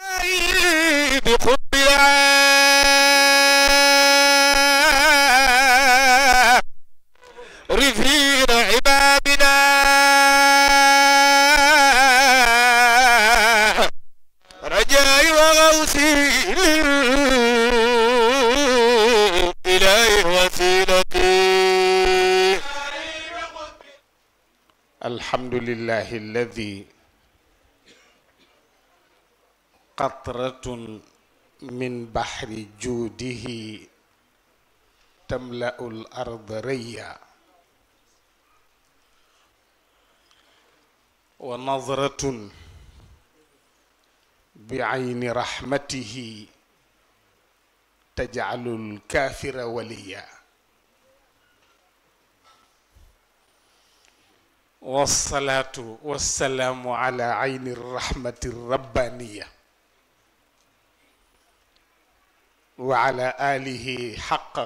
بقرب رفين عبادنا رجائي وغوثي إليه وسيلتي الحمد لله الذي qatratun min bahri juudihi tamla'ul arda rayya wa nadratun biayni rahmatihi tajcalul kaafira waliya wassalaatu wassalaamu ala ayni rahmati rabbaniya wa ala alihi xaqa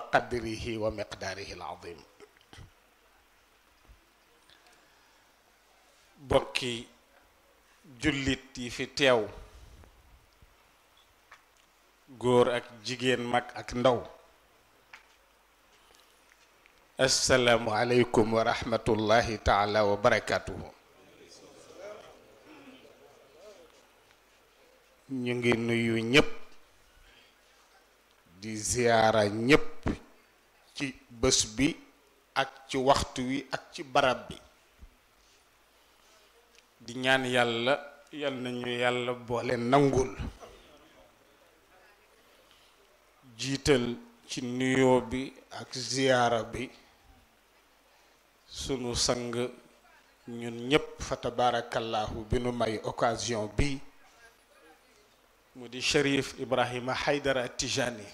wa miqdaarihi alazim bokki jullit yi fi teew góor ak jigéen mag ak ndaw assalaamu aleykum wa rahmatullahi taala wa barakatuhu ñu ngi nuyu ñépp di ziyaara ñépp ci bés bi ak ci waxtu wi ak ci barab bi di ñaan yàlla yal nañu yàlla boole nangul jiital ci nuyoo bi ak ziyaara bi sunu sang ñun ñépp fa tabaarakallaahu bi nu may occasion bi mu di Cherif Ibrahima Haydara Tijani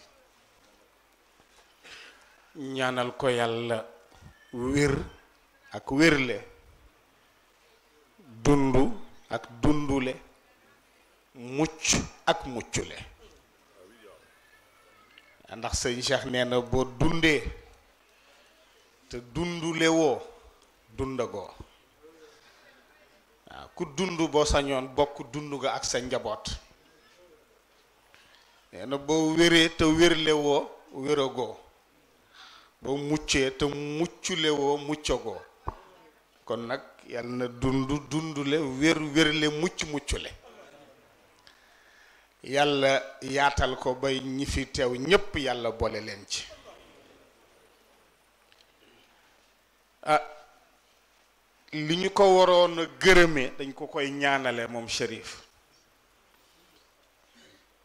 ñaanal ko yàlla wér ak wérle dund ak dundule mucc ak muccule ndax sëñ Cheikh nee boo dundee te dundule woo dundagoo waaw ku dund boo sañoon bokk dund nga ak sa njaboot nee na boo wéree te wérle wéragoo boo muccee te muccule woo muccagoo kon nag yàlla na dund dundule wér wérle mucc muccule yàlla yaatal ko ba ñi fi teew ñépp yàlla boole leen ci ah li ñu ko waroon a gërëmee dañ ko koy ñaanale moom Chérif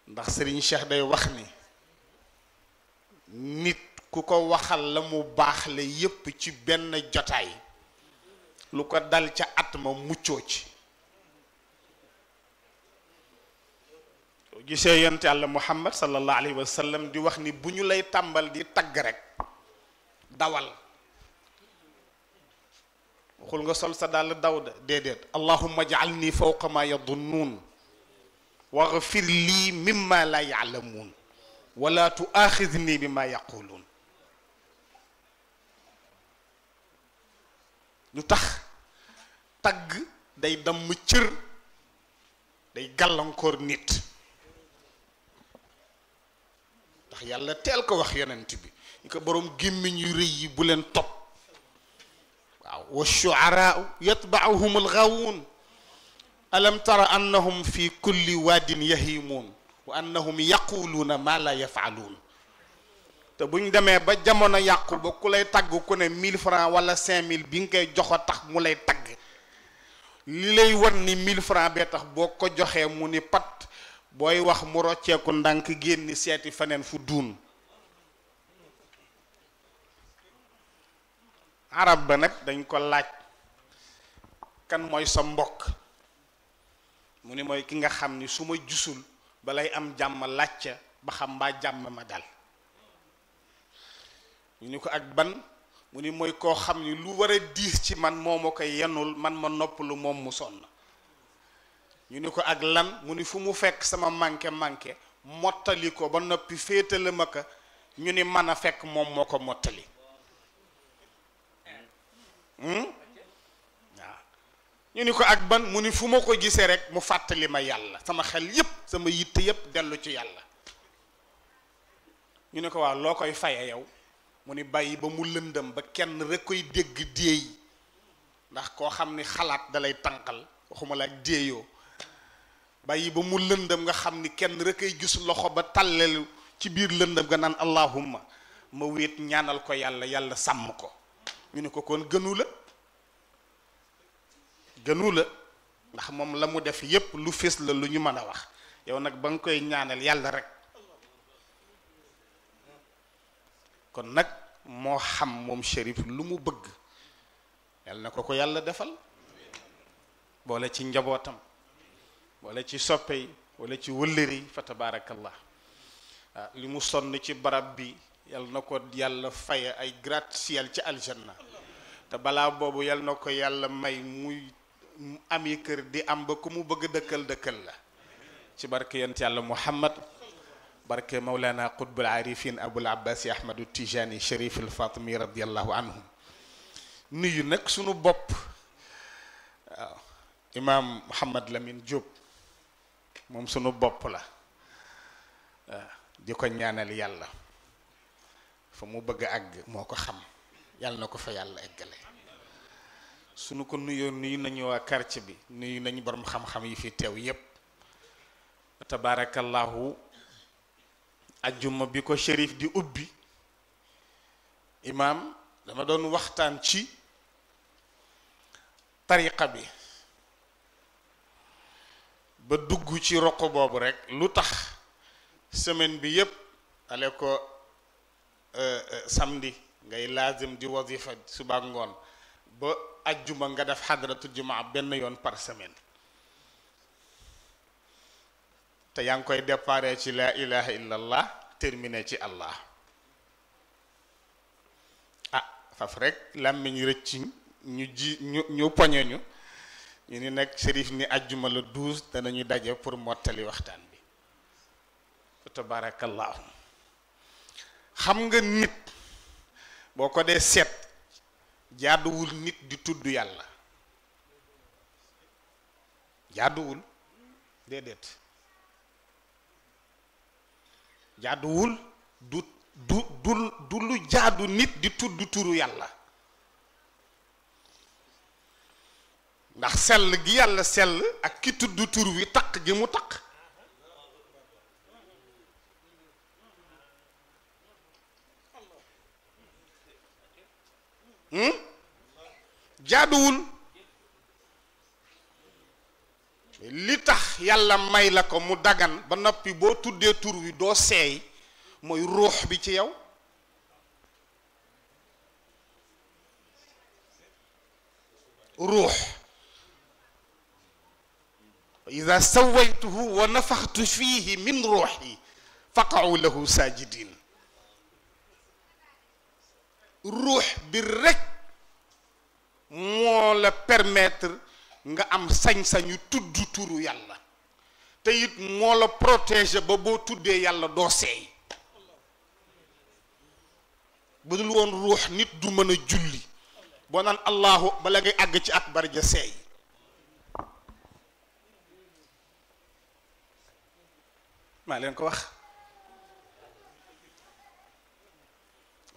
ndax Serigne Cheikh day wax ni nit ku ko waxal la mu baax la yépp ci benn jotaay lu ko dal ca at ma muccoo ci gisee yonent yàlla muhammad sallallahu alayhi di wax ni bu ñu lay tàmbal di tagg rekk dawal xul nga sol sa dàll daw de déedéet allahumma ij'alni fawqa ma yadunnuun waghfir lii mimma la ya'lamuun wala tu'aaxidni bima yaquluun lu tax tagg day damm cër day gàllankoor nit ndax yàlla teel ko wax yonent bi ñu ko boroom gémmiñ yu rëy yi bu leen topp waaw wa shuaraau yatbaauhum alxawuun alam tara annahum fi kulli waadin yahimuun wa annahum ma la yafaaluun te bu demee ba jamono yàqu ba ku lay tagg ku ne 1000 francs wala 5000 bi nga koy jox tax mu lay tagg li lay wan ni 1000 francs bee tax boo ko joxee mu ni pat booy wax mu rocceeku ndànk génn seeti feneen fu duun arab ba nag dañ ko laaj kan mooy sa mbokk mu ni mooy ki nga xam ni suma ma jusul balay am jàmm laaj ba xam mbaa jàmm ma dal ñu ni ko ak ban mu ni mooy koo xam ni lu war a diis ci man moo ma koy yenul man ma noppalu moom mu sonn ñu ni ko ak lan mu ni fu mu fekk sama manqué manqué mottali ko ba noppi féetale ma ko ñu ni man a fekk moom moo ko mottali hmm? waaw ñu ni ko ak ban mu ni fu ma ko gisee rek mu fàttali ma yàlla sama xel yépp sama yitte yépp dellu ci yàlla ñu ni ko waaw loo koy faye yow mu ni bàyyi ba mu lëndëm ba kenn rekk koy dégg déey ndax koo xam ni xalaat dalay tànqal waxuma la ak déeyoo bàyyi ba mu lëndëm nga xam ni kenn rekk ay gis loxo ba tàllelu ci biir lëndëm nga naan allahumma ma wéet ñaanal ko yàlla yàlla sàmm ko ñu ni ko kon gënu la gënu la ndax moom la mu def yépp lu fés la lu ñu mën a wax yow nag ba nga koy ñaanal yàlla rek kon nag moo xam moom shérif lu mu bëgg yal na ko ko yàlla defal boole ci njabootam boole ci soppe yi boole ci wëllëri fa tabaarakallah ah, li mu sonn ci barab bi yal na ko yàlla faye ay gratte-ciel ci aljanna te balaa boobu yal na ko yàlla may muy ami kër di am ba ku mu bëgg dëkkal dëkkal la ci barke yent yàlla muhammad barke mawlana qutbul arifin abul abbasi ahmadu tijani sharif al fatimi radiallahu anhum nuyu nag sunu bopp waaw imaam Mouhamad Lamine Diop moom sunu bopp la waaw di ko ñaanal yàlla fa mu bëgg a moo ko xam yàlla na ko fa yàlla eggale sunu ko nuyoo nuyu nañu waa quartier bi nuyu nañu borom xam-xam yi fi teew yépp tabaarakallaahu ajjuma bi ko shérif di ubbi imaam dama doon waxtaan ci tariqa bi ba dugg ci roq boobu rekk lu tax semaine bi yépp ale ko euh, euh, samedi ngay laazim di wazifa suba ngoon ba ajjuma nga def xadratul jumaa benn yoon par semaine te yaa ngi koy déparé ci laa ilaha illallah terminé ci allah ah faf rek làmmiñ rëcc ñu ji ñu ñu poñe ñu ni nag sérif ni ajjuma la douze danañu daje pour mottali waxtaan bi fa xam nga nit boo ko dee seet jaaduwul nit di tudd yàlla jaaduwul déedéet jaaduwul du du du lu jaadu nit di tudd turu yàlla ndax sell gi yàlla sell ak ki tudd tur wi taq gi mu taq hmm? jaaduwul li tax yàlla may la ko mu dagan ba noppi boo tuddee tur wi doo seey mooy ruux bi ci yow ruux ida sawaytuhu wa nafaxtu fiihi min ruuxi faqaw lahu saajidin ruux bi rekk moo la permettre nga am sañ-sañu tudd turu yàlla te it moo la protéger ba boo tuddee yàlla doo seey bu dul woon ruux nit du mën a julli boo naan allahu bala ngay àgg ci ak barja seey maa leen ko wax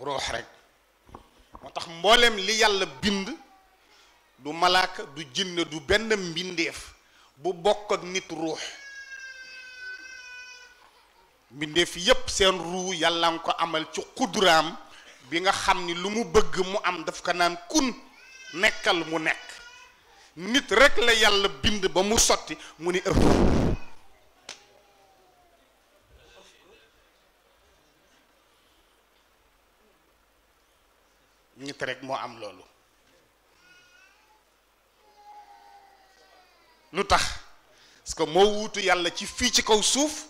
ruux rek moo tax mboolem li yàlla bind du malaaka du jinne du benn mbindeef bu bokk ak nit ruux mbindeef yépp seen ruu yàlla nga ko amal ci xuduraam bi nga xam ni lu mu bëgg mu am daf ko naan kun nekkal mu nekk nit rekk la yàlla bind ba mu sotti mu ni ëf nit rek moo am loolu que moo wuutu yàlla ci fii ci kaw suuf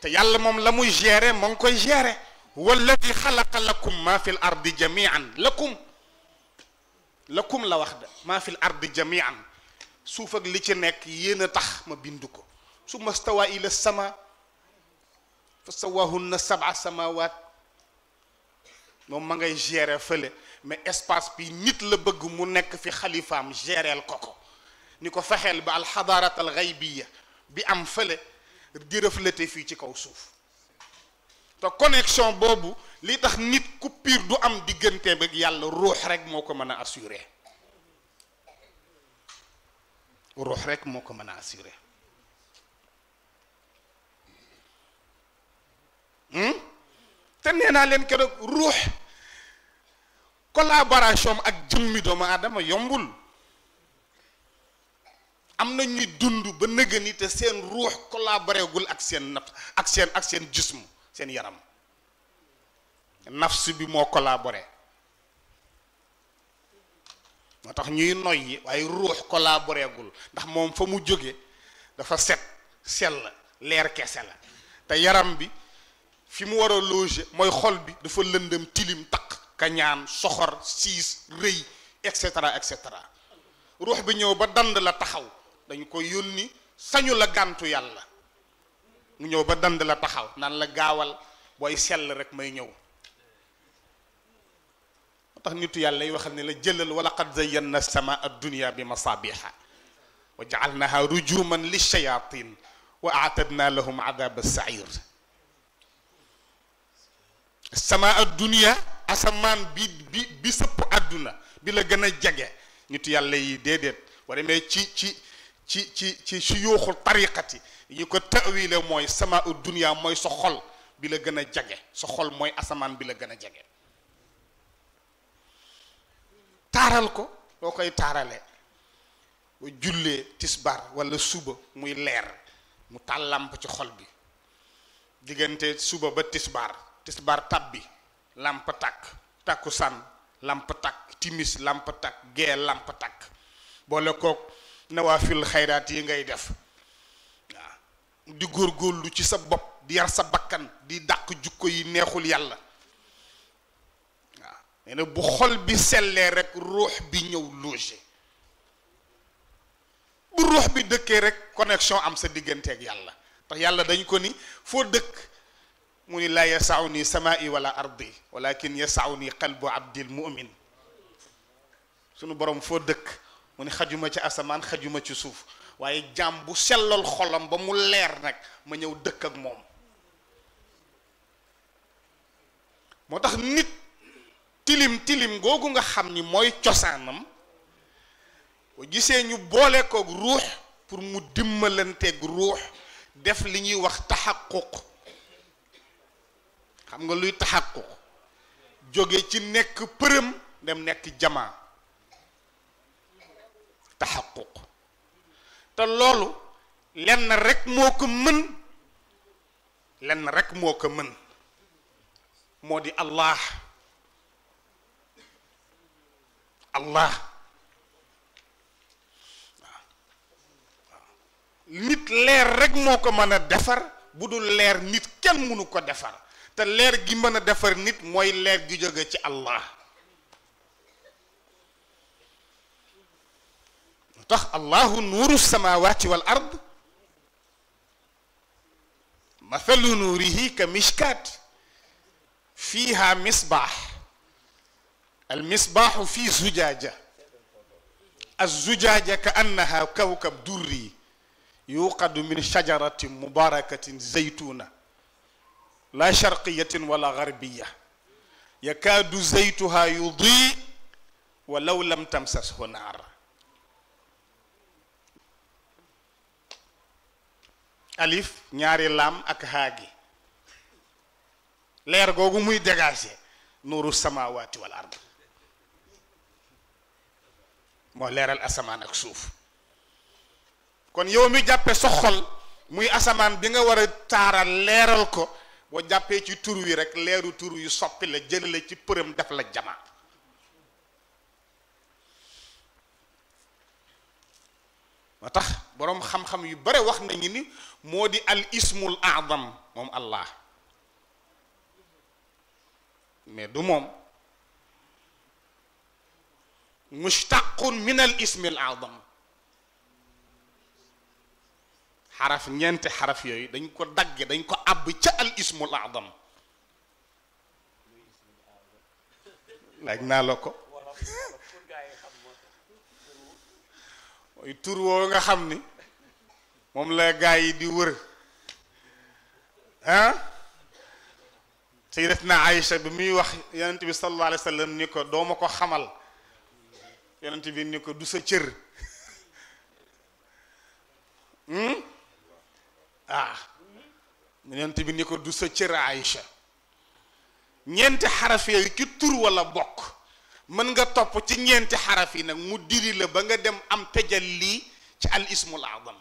te yàlla moom la muy gérer moo ngi koy gérer walladi xalaqa lakum maa fi ardi jamian lakum lakum la wax da maa fi l ardi jamian suuf ak li ci nekk yéen a tax ma bind ko summa stawa ila sama fa sawahunna sab'a samawat moom ma ngay gérer fële mais espace bi nit la bëgg mu nekk fi xalifaam géreel ko ko ni ko fexeel ba alxadaarat al xaybiya bi am fële di reflété fii ci kaw suuf te connexion boobu li tax nit coupure du am diggante ba yàlla ruux rek moo ko mën a assuré ruux rek mën a assuré hmm? te nee naa leen keroog ruux collaboration ak jëmmi doomu aadama yombul am na ñuy dund ba nëga ni te seen ruux collaboré ak seen naf ak seen ak seen jism seen yaram nafs bi moo collaboré moo tax ñuy noyyi waaye ruux collaboré ndax moom fa mu jóge dafa set sell leer kese la te yaram bi fi mu war a loger mooy xol bi dafa lëndëm tilim taq kañaan soxor siis rëy et cetera et cetera ruux bi ñëw ba dand la taxaw dañu ko yónni sañu la gàntu yàlla mu ñëw ba dand la taxaw naan la gaawal booy sell rek may ñëw moo tax nitu yàlla yi waxal ne la jëlal wala qad zayyana sama addunya bi masaabiha wa jaalnaha rujuman li shayatin wa aatadna lahum adab sair bi bi bi sëpp àdduna bi la gën a jege nitu yàlla yi déedéet war demee ci ci ci ci ci suyuuxul tariqati yi ko tawile mooy sama dunia mooy sa xol bi la gën a jage sa xol mooy asamaan bi la gën a jage taaral ko loo koy taarale jullee tisbar walla suba muy leer mu tàllamp ci xol bi diggante suba ba tisbar tisbar tab bi làmp tàkk tàkkusaan làmp tàkk timis làmp tàkk gee làmp tàkk boole kook nawaafil xayraat yi ngay def waaw di góorlu ci sa bopp di yar sa bakkan di dàq jukko yi neexul yàlla waaw nee bu xol bi sellee rek ruux bi ñëw loger bu ruux bi dëkkee rek connexion am sa diggante digganteeg yàlla tax yàlla dañ ko ni foo dëkk mu ni laa yasaw nii samaai wala ardi walakin yasaw nii qalbu abdil mumin sunu borom foo dëkk mu ne xajuma ci asamaan xajuma ci suuf waaye jaam bu sellal xolam ba mu leer nag ma ñëw dëkk ak moom moo tax nit tilim tilim googu nga xam ni mooy cosaanam boo gisee ñu boole koog ruux pour mu dimbalanteeg ruux def li ñuy wax taxaquk xam nga luy taxaquq jóge ci nekk përëm dem nekk jamaa taxaquq te loolu lenn rek moo ko mën moo ko mën moo di allah allah nit leer rekk moo ko mën a defar bu dul leer nit kenn mënu ko defar te leer gi mën a defar nit mooy leer gi jóge ci allah tax allahu nuuru samawati wal ard mathalu nuurihi ka mishkaat fiiha misbaax al misbaaxu fi zujaaja az zujaaja ka annaha kawkab durri yuqadu min shajaratin mubarakatin zaytuna la sharqiyatin wala garbiya yakaadu zaytuha yudii walaw lam tamsashu naar alif ñaari laam ak haagi leer googu muy dégager nuuru samawati wal ard moo leeral asamaan ak suuf kon yow mi jàppe sa muy asamaan bi nga war a taaral leeral ko boo jàppee ci tur wi rek leeru tur yu soppi la jël la ci përëm def la jama moo tax boroom xam-xam yu bare wax nañu ni moo di al moom allah mais du moom mushtaqun min al ismil aadam xaraf ñeenti xaraf yooyu dañ ko dagge dañ ko àbb ca al ismul aadam laaj naa la ko mooy tur woo nga xam ni moom la gaa yi di wër ah na Aïcha bi muy wax yonent bi sallallahu alayhi ni ko doo ma xamal yonent bi ni ko du sa cër hmm? ah yonent bi ni ko du sa cër Aïcha ñeenti xaraf yooyu ci tur walla bokk mën nga topp ci ñeenti xaraf yi nag mu diri la ba nga dem am lii ci al ismul azam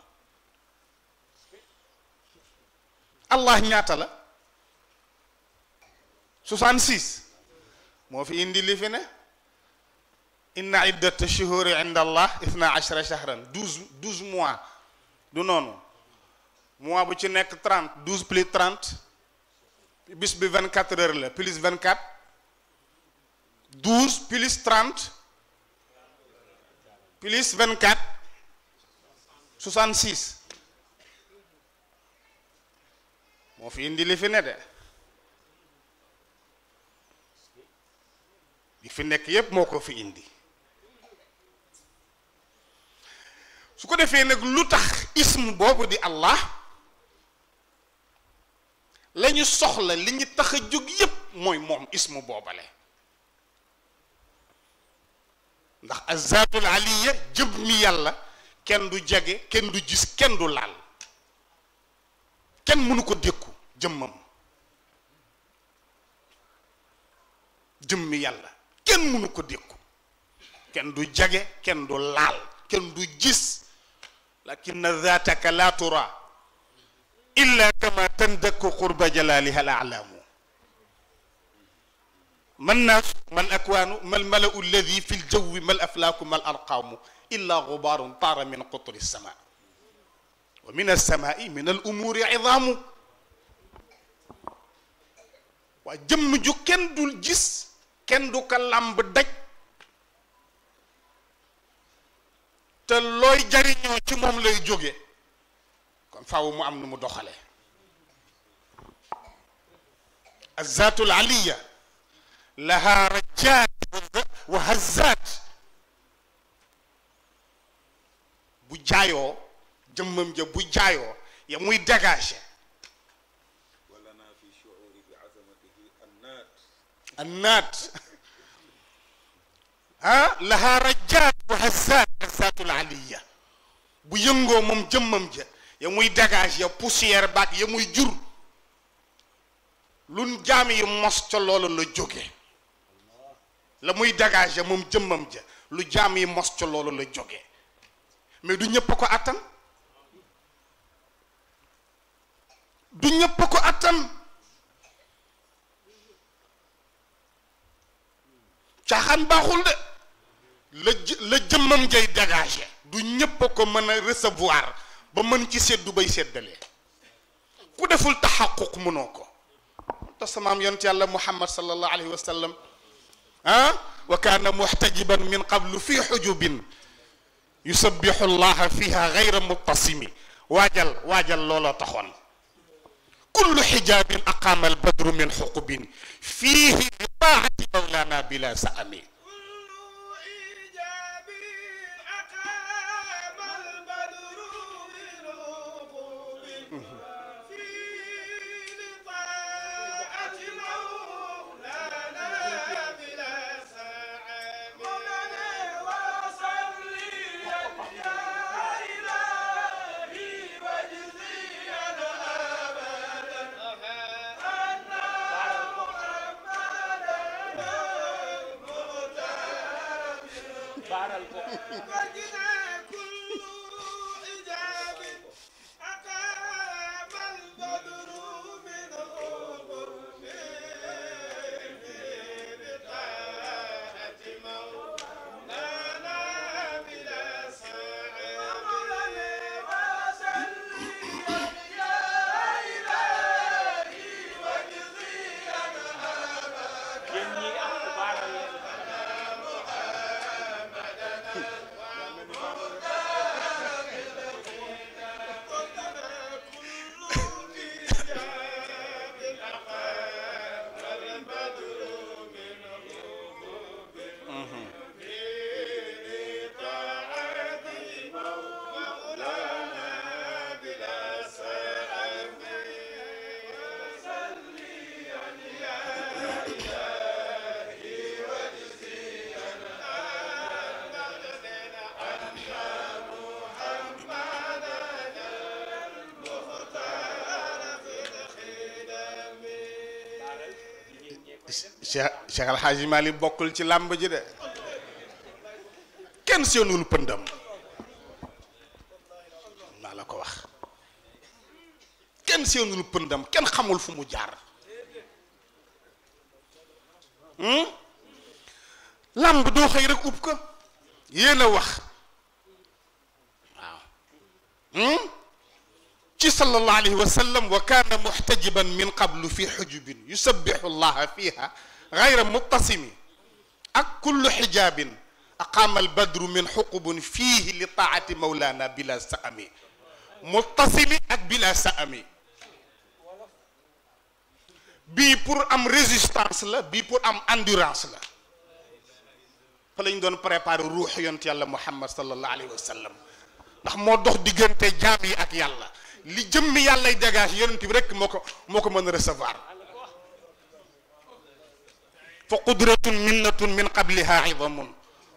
allah ñaata la 66 moo fi indi li fi ne inna iddata shuhuri inda allah ithna ashara shahran 12 12 mois du noonu mois bu ci nekk 30 12 plus 30 bis bi 24 heures la plus 24 12 plus 30 plus 24 66 moo fi indi li fi ne de li fi nekk yépp moo ko fi indi su ko defee nag lu tax ism boobu di Allah lañu soxla li ñu tax a jóg yépp mooy moom ism boobale ndax azatul aliya jëb mi yàlla kenn du jege kenn du jis kenn du laal kenn mënu ko dékku jëmmam jëmmi yàlla kenn mënu ko dékku kenn du jege kenn du laal kenn du gis lakinna zaataka la tura illa kama tandakku qurba jalaliha al man naas man akwaanu mal malau alladi fi ljawwi mal aflaaku mal arqaamu illa gubaarun taara min qutri sama wa min alsamaai min al umuuri idaamu waa jëmm ju kenn dul gis kenn du ko làmb daj te looy jariñoo ci moom lay jóge kon faaw mu am nu mu doxale azzaatul aliya lahaa rajjaat bu jaayoo jëmmam ja bu jaayoo ya muy dégagé annaat ah lahaa rajjaat wa hazzaat hazzaatul aliya bu yëngoo moom jëmmam ja ya muy dégagé ya poussière baag ya muy jur lun jaam yi mos ca loolu la jóge la muy dégagé moom jëmmam ja lu jaam yi mos ca loolu la jógee mais du ñëpp ko attan du ñëpp ko attan caaxaan baaxul de la la jëmmam jay dégagé du ñëpp ko mën a recevoir ba mën ci seddu bay seddalee ku deful taxaquq mënoo ko te samaam yont yàlla muhammad sallallahu alayhi wa sallam ah wa kaana muxtajiban min qablu fi xujubin yusabixu llaha fiha gayra mubtasimi waajal waajal loola taxoon kullu xijaabin aqaama albadru min xuqubin fiihi bi taati mawlana bila saami Cheikh Cheikh El Hadj Malick bokkul ci làmb ji de kenn seenul pëndam maa la ko wax kenn seenul pëndam kenn xamul fu mu jaar hmm? làmb doo xëy rek ub ko yéen a wax waaw hmm? ci sallallahu alayhi wa sallam wa kaana muxtajiban min qablu fi xujubin yusabixu llaha fiha xayra muttasimi ak kullu xijaabin aqaama albadru min xuqubun fiihi li taati mawlaana bila saami muttasimi ak bila saami bii pour am résistance la bii pour am endurance la fa lañ doon préparer ruux yont yàlla muhammad sallallahu alayhi wa sallam ndax moo dox diggante li jëmmi yàllay dégage yonent bi rek moo ko moo fa qudratun minnatun min qabliha idamun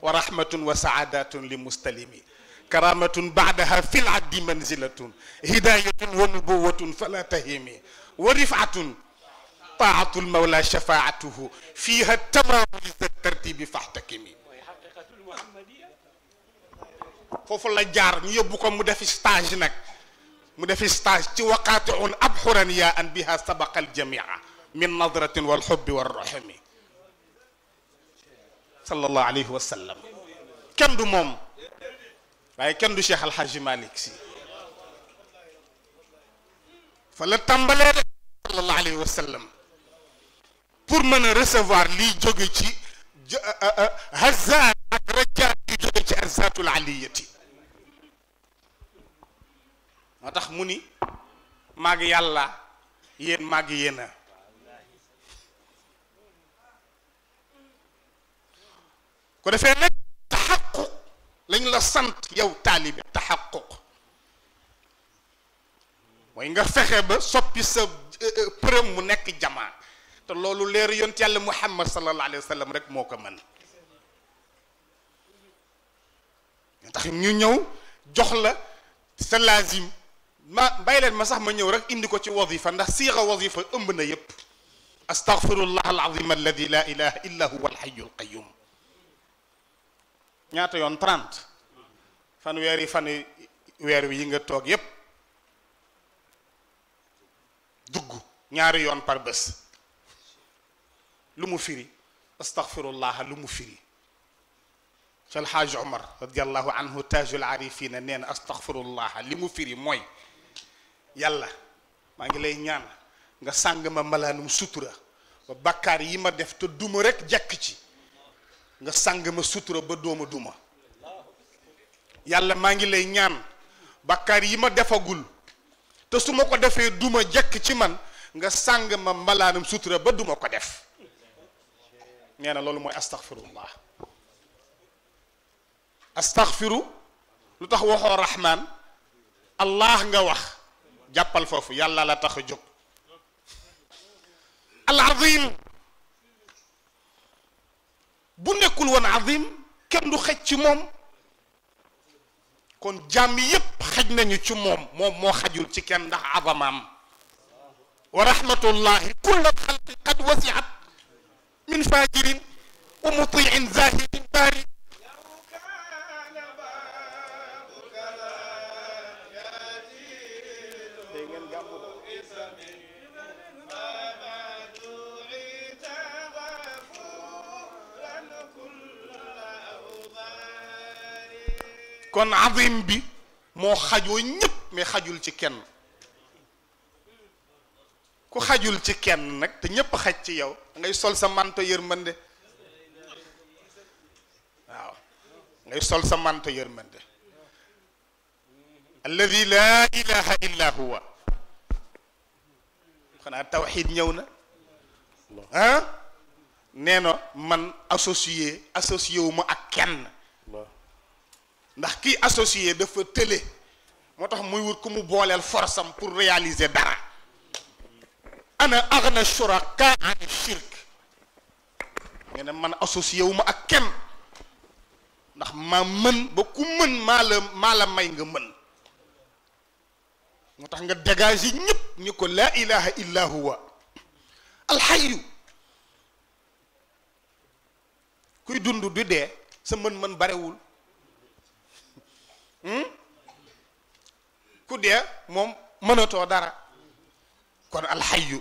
wa rahmatun wa saadatun li muslimi karamatun baadaha fil addi manzilatun hidayatun wa nubuwatun fala tahimi wa rifatun taatu lmawla shafaatuhu fiha tamamu iza tartibi fahtakimi foofu la jaar ñu yóbbu ko mu defi stage nag mu defi stage ci waqaatiun abxuran yaa an biha sabaqa aljamia min nadratin walxubbi warrahmi sallallahu alayhi wa sallam kenn du moom waaye kenn du Cheikh Alhaji Malick si fa la tàmbalee rek sallallahu alayhi wa sallam pour mën a recevoir liy jóge ci hazaat ak rajaat yu jóge ci azaatul aliyati moo tax mu ni maag yàlla yéen maag yéena ko defee nag taxaquq lañ la sant yow taalibi taxaquq mooy nga fexe ba soppi sa euh, euh, përëm mu nekk jamaa te loolu leer yont yàlla muhammad sallallahu alayhi wa sallam rek moo ko mën ndax ñu ñëw jox la sa laazim ma bàyyi leen ma sax ma ñëw rek indi ko ci wazifa ndax siixa wazifa ëmb na yépp astaghfirullah alazim alladi la ilaha illa huwa alxayu alqayum ñaata yoon 30 fan weer yi fan weer wi yi nga toog yépp dugg ñaari yoon par bés lu mu firi astaghfirullah lu mu firi ci alxaaj omar radiallahu anhu taajul arifina nee na astaghfirullah li mu firi mooy yàlla maa ngi lay ñaan nga sàng ma malaanum sutura ba bàkkaar yi ma def te duma rekk jekk ci nga sàng ma sutura ba dooma duma yàlla maa ngi lay ñaan bakkaar yi ma defagul te su ma ko defee duma jekk ci man nga sàng ma mbalaanam sutura ba duma ko def nee na loolu mooy astaghfirullah astaghfiru lu tax waxoo rahman allah nga wax jàppal foofu yàlla la tax a jóg al azim bu nekkul woon azim kenn du xej ci moom kon jàmm yépp xaj nañu ci moom moom moo xajul ci kenn ndax azamaam wa rahmatullahi kulla xalqi qad wasiat min fajirin wa mutiin zahir kon azim bi moo xajoo ñëpp mais xajul ci kenn ku xajul ci kenn nag te ñëpp xaj ci yow ngay sol sa manto yërmande waaw sol sa manto yërmande alladi laa ilaha illa huwa xanaa tawxid ñëw na ah nee na man associé associé wu ma ak kenn ndax kii associé dafa tële moo tax muy wut ku mu booleel force am pour réaliser dara ana agna shuraka an shirk nga ne man associé wu ak kenn ndax ma mën ba ku mën maa la maa la may nga mën moo tax nga dégager ñëpp ñu ko laa ilaha illa huwa alxayu kuy dund du dee sa mën-mën barewul Hmm? ku dee moom mënatoo dara kon alxayu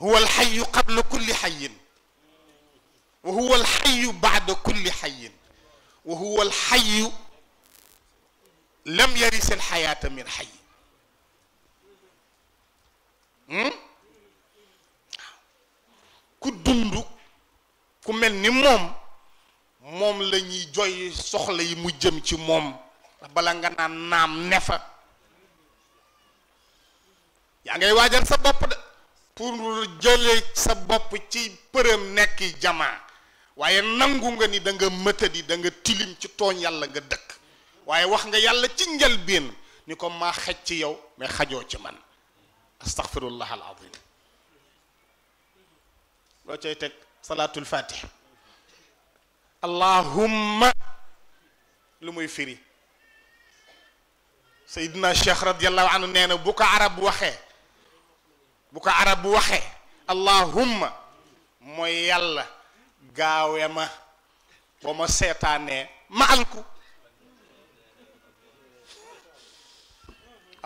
huwa alxayu qabla kulli xayin wa huwa alxayu baada kulli xayin wa huwa alxayu lam yaris alxayaata min xay hmm? ku dund ku mel ni moom moom la ñuy joy soxla yi mu jëm ci moom bala nga naan naam ne fa yaa ngay waajal sa bopp de pour jële sa bopp ci përëm nekk jamaa waaye nangu nga ni da nga yi danga nga tilim ci tooñ yàlla nga dëkk waaye wax nga yàlla ci njëlbéen ni ko maa xaj ci yow mais xajoo ci man astaghfirullah al azim loo cay teg salaatul fatih allahumma lu muy firi Seydina Cheikh radiallahu anhu nee na bu ko arab waxee bu ko arab bu waxee allahumma mooy yàlla gaawe ma ba ma seetaanee ma alku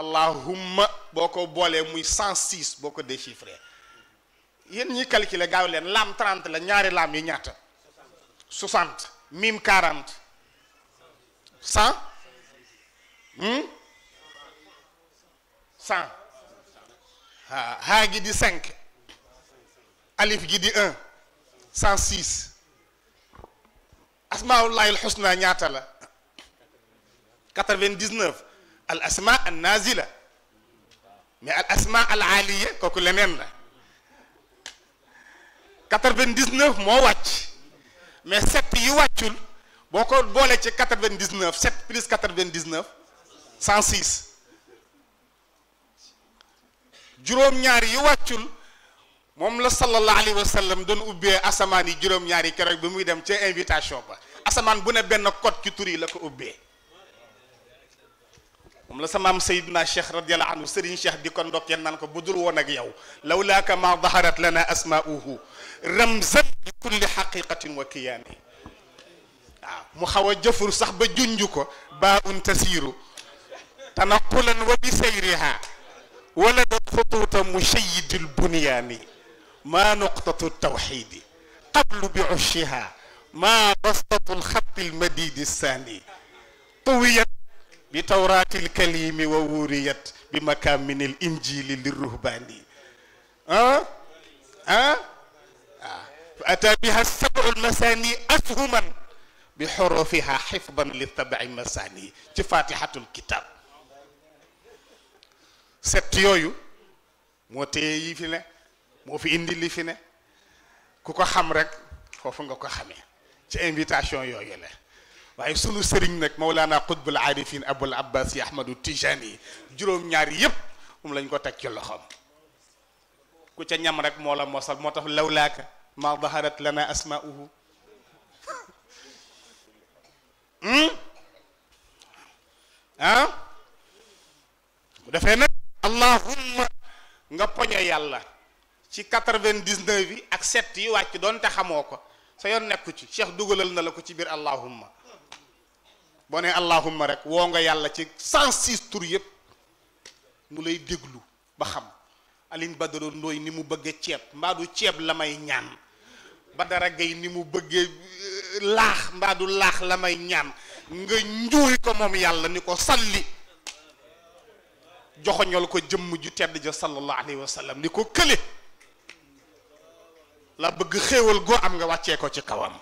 allahumma boo ko boolee muy 106 boo ko déchiffré yéen ñi calculer gaaw leen laam 30 la ñaari laam yi ñaata soixante mim quarante cent hmm? cent gi di cinq alif gi di un cent six asmaullahi alxusna ñaata la quatre-vingt-dix-neuf al asma an nazila mais al asma al quatre-vingt-dix-neuf moo wàcc mais sept yu wàccul boo ko boolee ci quatre-vingt-dix-neuf sept plus quatre-vingt-dix-neuf cent six juróom-ñaar yu wàccul moom la sallallahu alayhi wa sallam doon ubbee asamaan yi juróom ñaari yi keroog bi muy dem ca invitation ba asamaan bu ne benn code ci yi la ko ubbee moom la sa maam Seydina Cheikh radiyallahu anhu Serigne Cheikh di ko ndokkee naan ko bu dul woon ak yow lawlaaka ma daharat lana asma'uhu ramzan li kulli xaqiqatin wa kiyaami waaw mu xaw a jëfur sax ba junj ko baa un tasiiru tanaqulan wa bi sayriha wala da xutuuta mushayidil bunyaani maa nuqtatu tawxiidi qablu bi ushiha maa bastatu lxati lmadidi saani طويت بتوراة الكليم ووريت بمكامن الإنجيل للرهباني أه؟ أه؟ فأتى بها السبع المثاني أسهما بحروفها حفظا للسبع المثاني ci faatixatul kitaab set yooyu moo téye yi fi ne moo fi indi li fi ne ku ko xam rek foofu nga ko xamee ci invitation yooyu la waaye sunu sëriñ nag Mawlana Qutbul Arifin Abul Abbas yi Ahmadu Tijani juróom-ñaar yëpp moom lañ ko teg ci loxoom ku ca ñam rek moo la mosal moo tax lawlaaka ma daharat lana asma'uhu hmm? ah bu defee nag allahumma nga poñe yàlla ci quatre-vingt-dix-neuf yi ak set yi wàcc doonte xamoo ko sa yoon nekku ci cheikh dugalal na la ko ci biir allahumma boo nee rek woo nga yàlla ci cent six tur yëpp mu lay déglu ba xam Aline Badara Ndoye ni mu bëgg ceeb mbaa du ceeb la may ñaan ba dara Gueye ni mu bëggee euh, laax mbaa du laax la may ñaan nga njuuy ko moom yàlla ni ko salli joxoñol ko jëmm ju tedd ja sallallahu alayhi wa ni ko kële la bëgg xéewal goo am nga wàccee ko ci kawam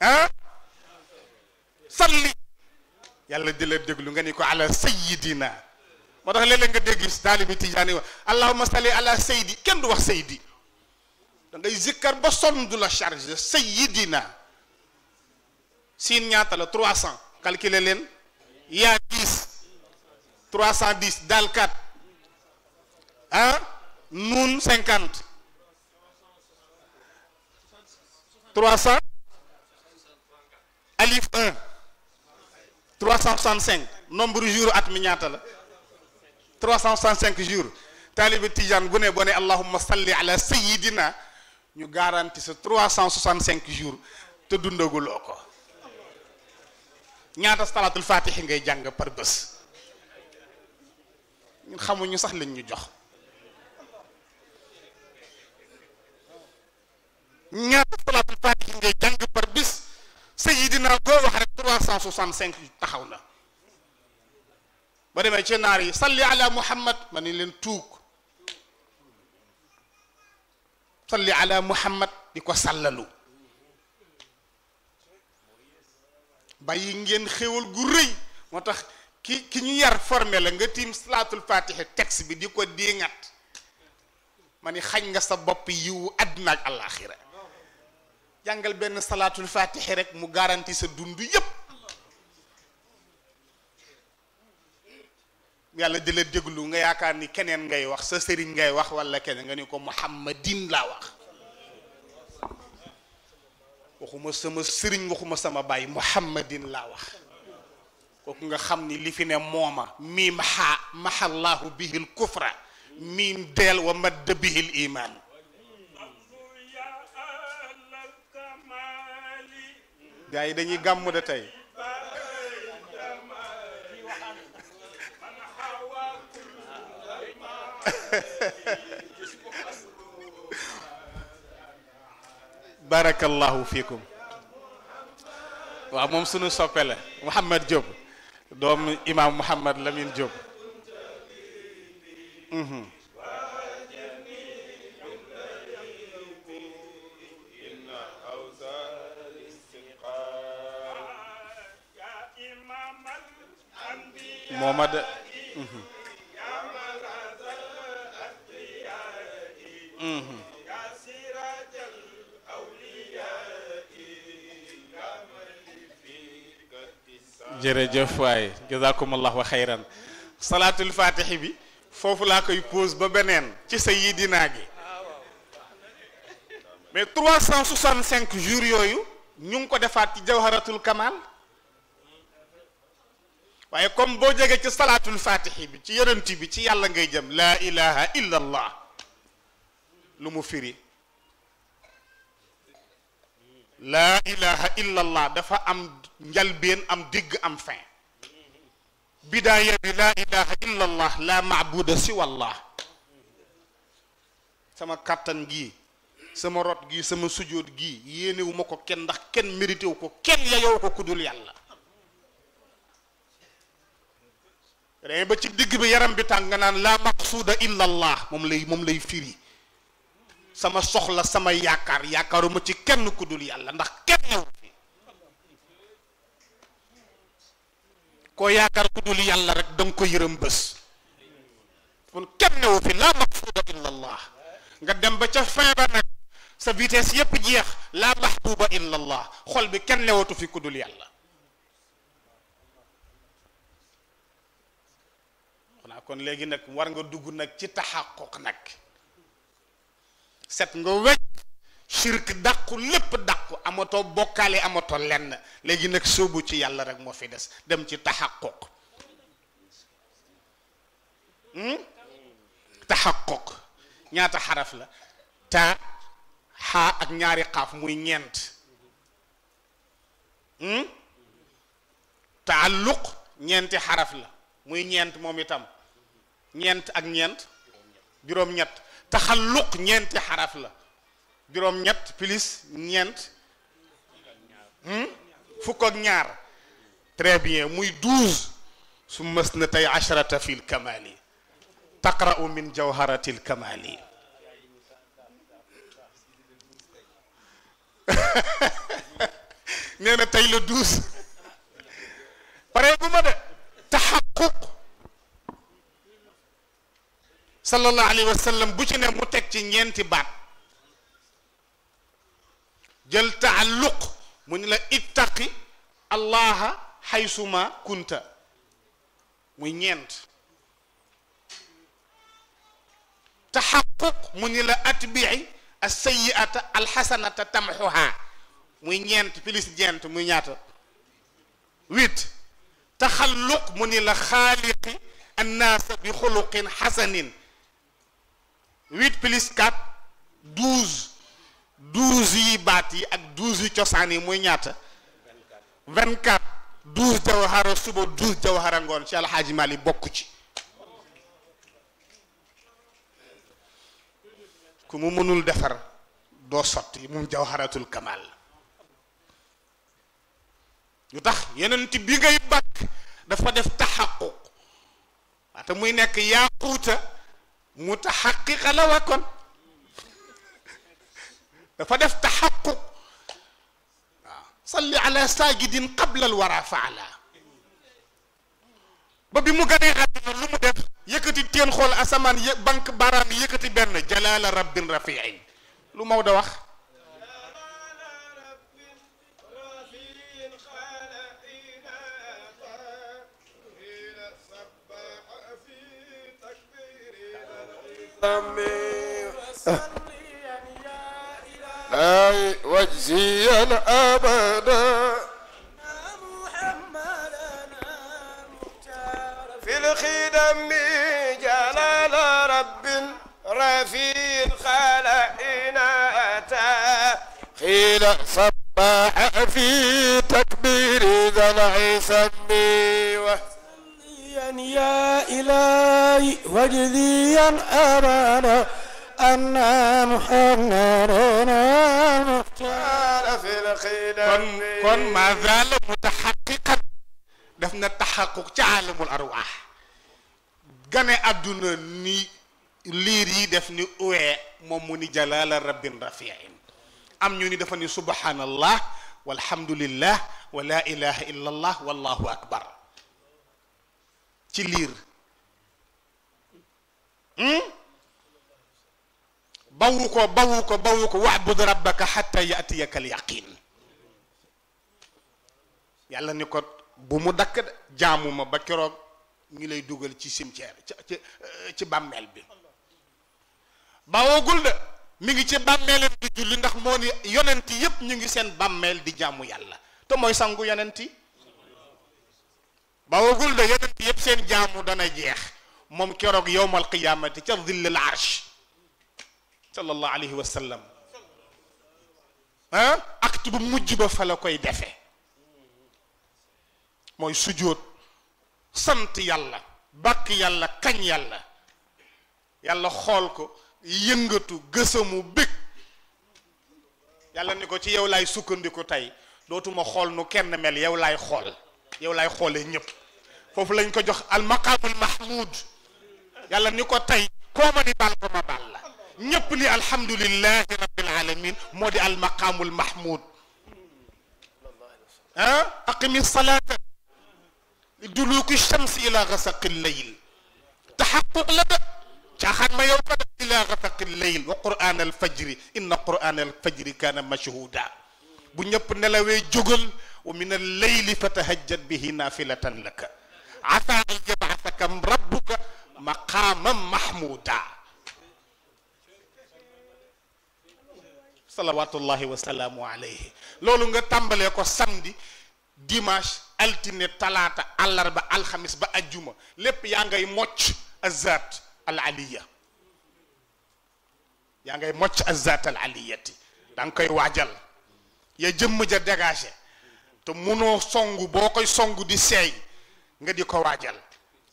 ah salli yàlla di la déglu nga ni ko ala sayidina moo tax léeg-léeg nga dégg gis taalibi tijaani wa allahumma salli ala saydi kenn du wax saydi da ngay zikkar ba sonn du la charge sayidina siin ñaata la trois cent calculer leen yaa dix trois cent dix daal quatre ah nuun cinquante trois cent alif un trois cent cinq nombre jour at mi ñaata la 365 jours taalibe tijaan bu ne boo ne allahumma salli ala sayyidina ñu garanti sa 365 jours te dundaguloo ko ñaata salaatul faatihi ngay jàng par bés ñun xamuñu sax lañ ñu jox ñaata salaatul faatihi ngay jàng par bés sayyidina boo wax rek 365 taxaw na ba demee ci naar yi salli ala muhammad ma ni leen tuug salli ala muhammad di ko sàllalu bàyyi ngeen xéwal gu rëy moo tax ki ki ñu yar forme la nga tiim salaatul fatiha texte bi di ko diingat ma ni xañ nga sa bopp yiwu àddina ak àllaaxira jàngal benn salaatul fatiha rek mu garanti sa dund yépp yàlla di la déglu nga yaakaar ni keneen ngay wax sa sëriñ ngay wax wala keneen nga ne ko muhammadin laa wax waxuma sama sëriñ waxuma sama baay muhammadin laa wax kooku nga xam ni li fi ne mooma miim xaa maxallaahu bihil kufra miim deel wa madd bihil imaan gaa dañuy gàmm de tey barakallahu fiikum waaw moom sunu soppe la Mouhamad Diop doomu imaam Mouhamad Lamine Diop mhm. mooma da mhm. jërëjëf waay jazakumullahu xayran salaatul faatixi bi foofu laa koy pose ba beneen ci sa yii dinaa gi mais 365 jours yooyu ñu ngi ko defaat ci jawharatul kamal waaye comme boo jege ci salaatul faatixi bi ci yonent bi ci yàlla ngay jëm la ilaha illa allah lu mu firi laa ilaha illallah dafa am njalbeen am digg am fin bidaaya bi laa ilaha illallah laa maabuda siwallah sama kàttan gi sama rot gi sama sujjóot gi yéenewu ko kenn ndax kenn mérité wu ko kenn yayow ko kudul yàlla re ba ci digg bi yaram bi tàng nga naan laa maqsuuda illallah moom lay moom lay firi sama soxla sama yaakaar yaakaaruma ci kenn ku dul yàlla ndax kenn newu fi koo yaakaar ku dul yàlla rek danga ko yërëm bés kon kenn newu fi laa maxfuuda illa allah nga dem ba ca fin ba nag sa vitesse yépp jeex laa mahbuuba illa allah xol bi kenn newatu fi ku dul yàlla xanaa kon léegi nag war nga dugg nag ci taxaquq nag set nga wecc shirk dàqu lépp dàqu amato bokkaale amatoo lenn léegi nag sóobu ci yàlla rek moo fi des dem ci taxaquq hmm? taxaquq ñaata xaraf la ta xaa ak ñaari xaaf muy ñeent hmm? taalluq ñeenti xaraf la muy ñeent moom itam ñeent ak ñeent juróom-ñett taxalluq ñeenti xaraf la juróom ñett plus ñeent hmm? fukk ak ñaar très bien muy douze su mës na tey asharata fi lkamali taqra'u min jawharati lkamali nee na tey la douze pare bu ma de taxa sallallahu alayhi bu ci ne mu teg ci ñeenti baat jël taalluq mu ni la ittaqi allaha xaysuma kunta muy ñeent taxaquq mu ni la atbii alsayiata alxasanata tamxuha muy ñeent pilis ñeent muy ñaata huit taxalluq mu ni la xaaliqi annaasa bi xuluqin xasanin huit plus quatre douze douze yi baat yi ak douze yi cosaan yi muy ñaata vingt quatre douze jawhara suba douze jawhara ngoon ci alxaaji Mali bokk ci ku mu mënul defar doo sotti moom jawharatul kamal lu tax yenent bi ngay bàkk dafa def taxaquq waate muy nekk yaaquuta mu taxaqiqa la waa kon dafa def taxaquq waaw salli ala saajidin qabla al wara faala ba bi mu gënee àdduna lu mu def yëkkati teen xool asamaan banque baaraam yi yëkkati benn jalaala rabbin rafiin lu Maodo wax وسلم أي وجزيا أبدا في الخدم جلال رب رفيع خلقنا أتى خيل صباح في تكبير ذا العسمي أبدا يا إلهي وجديا أبدا أن محمدنا المختار في القدم كن ما زال متحققا دفنا التحقق تعالم الأرواح gane àdduna ni liir yi def ni uwee moom mu ni jalaala rabbin rafiin am ñu ni dafa ni subhanallah walhamdulillah wa la ilaha illa allah wallahu akbar ci liir hmm? bawu ko bawu ko bawu ko wa'bud rabbaka xatta yatiyaka alyaqin yàlla ni ko bu mu dakk jaamu ma ba keroog ñu lay dugal ci cimetière ci ci euh, ci bàmmeel bi bawagul de mi ngi ci bàmmeelam di julli ndax moo ni yonent yépp ñu ngi seen bàmmeel di jaamu yàlla te mooy sangu yonent ba wagul de yonent yëpp seen jaamu dana jeex moom keroog yowmal qiyaamati ca dillal arsh sallallahu alayhi wa sallam ah acte bu mujj ba fa la koy defe mooy sujjóot sant yàlla bàkk yàlla kañ yàlla yàlla xool ko yëngatu gësamu bég yàlla ni ko ci yow laay sukkandiku tey dootuma xool nu kenn mel yow laay xool yow lay xoolee ñëpp foofu lañ ko jox almaqaamul mahmud yàlla ni ko tey koo ma ni baal li alhamdulillahi rabbil alamin moo di almaqaamul mahmud ah aqimi salaata duluki shams ila gasaqi layl ila gasaqi layl wa quran alfajri inna quran alfajri kaana mashhuda bu ñëpp nelawee jógal wa min alleyli fatahajjat bihi naafilatan laka asaa an yabaasaka rabbuka maqaaman mahmuuda salawaatullahi wa salaamu alayhi loolu nga tàmbalee ko samedi dimanche altine talaata àllarba alxamis ba ajjuma lépp yaa ngay mocc azat al aliya yaa ngay mocc azat al aliyati da nga koy waajal ya jëmm ja dégagé te mënoo songu boo koy songu di seey nga di ko waajal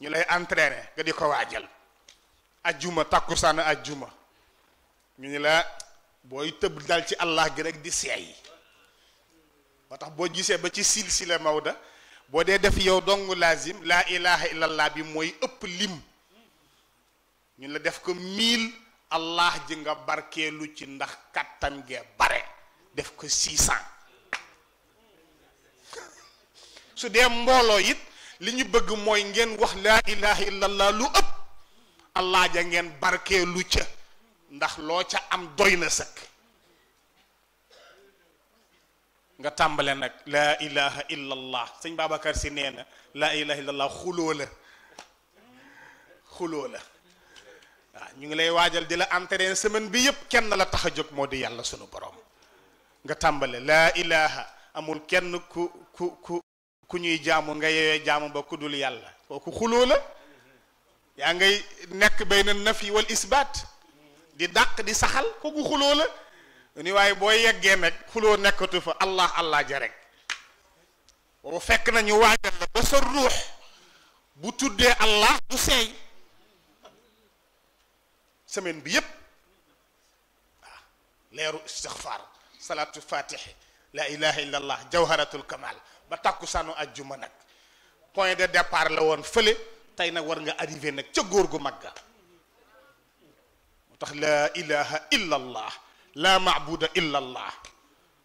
ñu lay entraîner nga di ko waajal ajjuma tàkkusaan ajjuma ñu ni la booy tëb dal ci allah gi rek di sey moo tax boo gisee ba ci silsila Maoda boo dee def yow dong lazim laa ilaha illallah bi mooy ëpp lim ñu la def ko mille allah ji nga barkeelu ci ndax kattan gee bare def ko six cent su dee mbooloo it li ñu bëgg mooy ngeen wax laa ilaha illallah lu ëpp allah ja ngeen barkee lu ca ndax loo ca am doy na sëkk nga tàmbale nag laa ilaha illallah sëñ Babacar si nee na laa ilaha illallah xuloo la xuloo la waaw ñu ngi lay waajal di la entraîner semaine bi yëpp kenn la tax a jóg moo di yàlla sunu borom nga tàmbale laa ilaha amul kenn ku ku ku ku ñuy jaamu nga yewee jaamu ba ku dul yàlla kooku xuloo la yaa ngay nekk bayna nafi wal isbaat di dàq di saxal kooku xuloo la ni waaye boo yeggee nag xuloo nekkatu fa allah allah ja rek fekk nañu ñu waajal la ba sa ruux bu tuddee allah du seey semaine bi yépp waaw leeru istixfaar salaatu fatixi la ilaha illa allah jawharatul ba tàkkusaanu ajjuma nag point de départ la woon fële tey nag war nga arrivé nag ca góor gu mag ga moo tax laa ilaha illa allah laa maabuda illa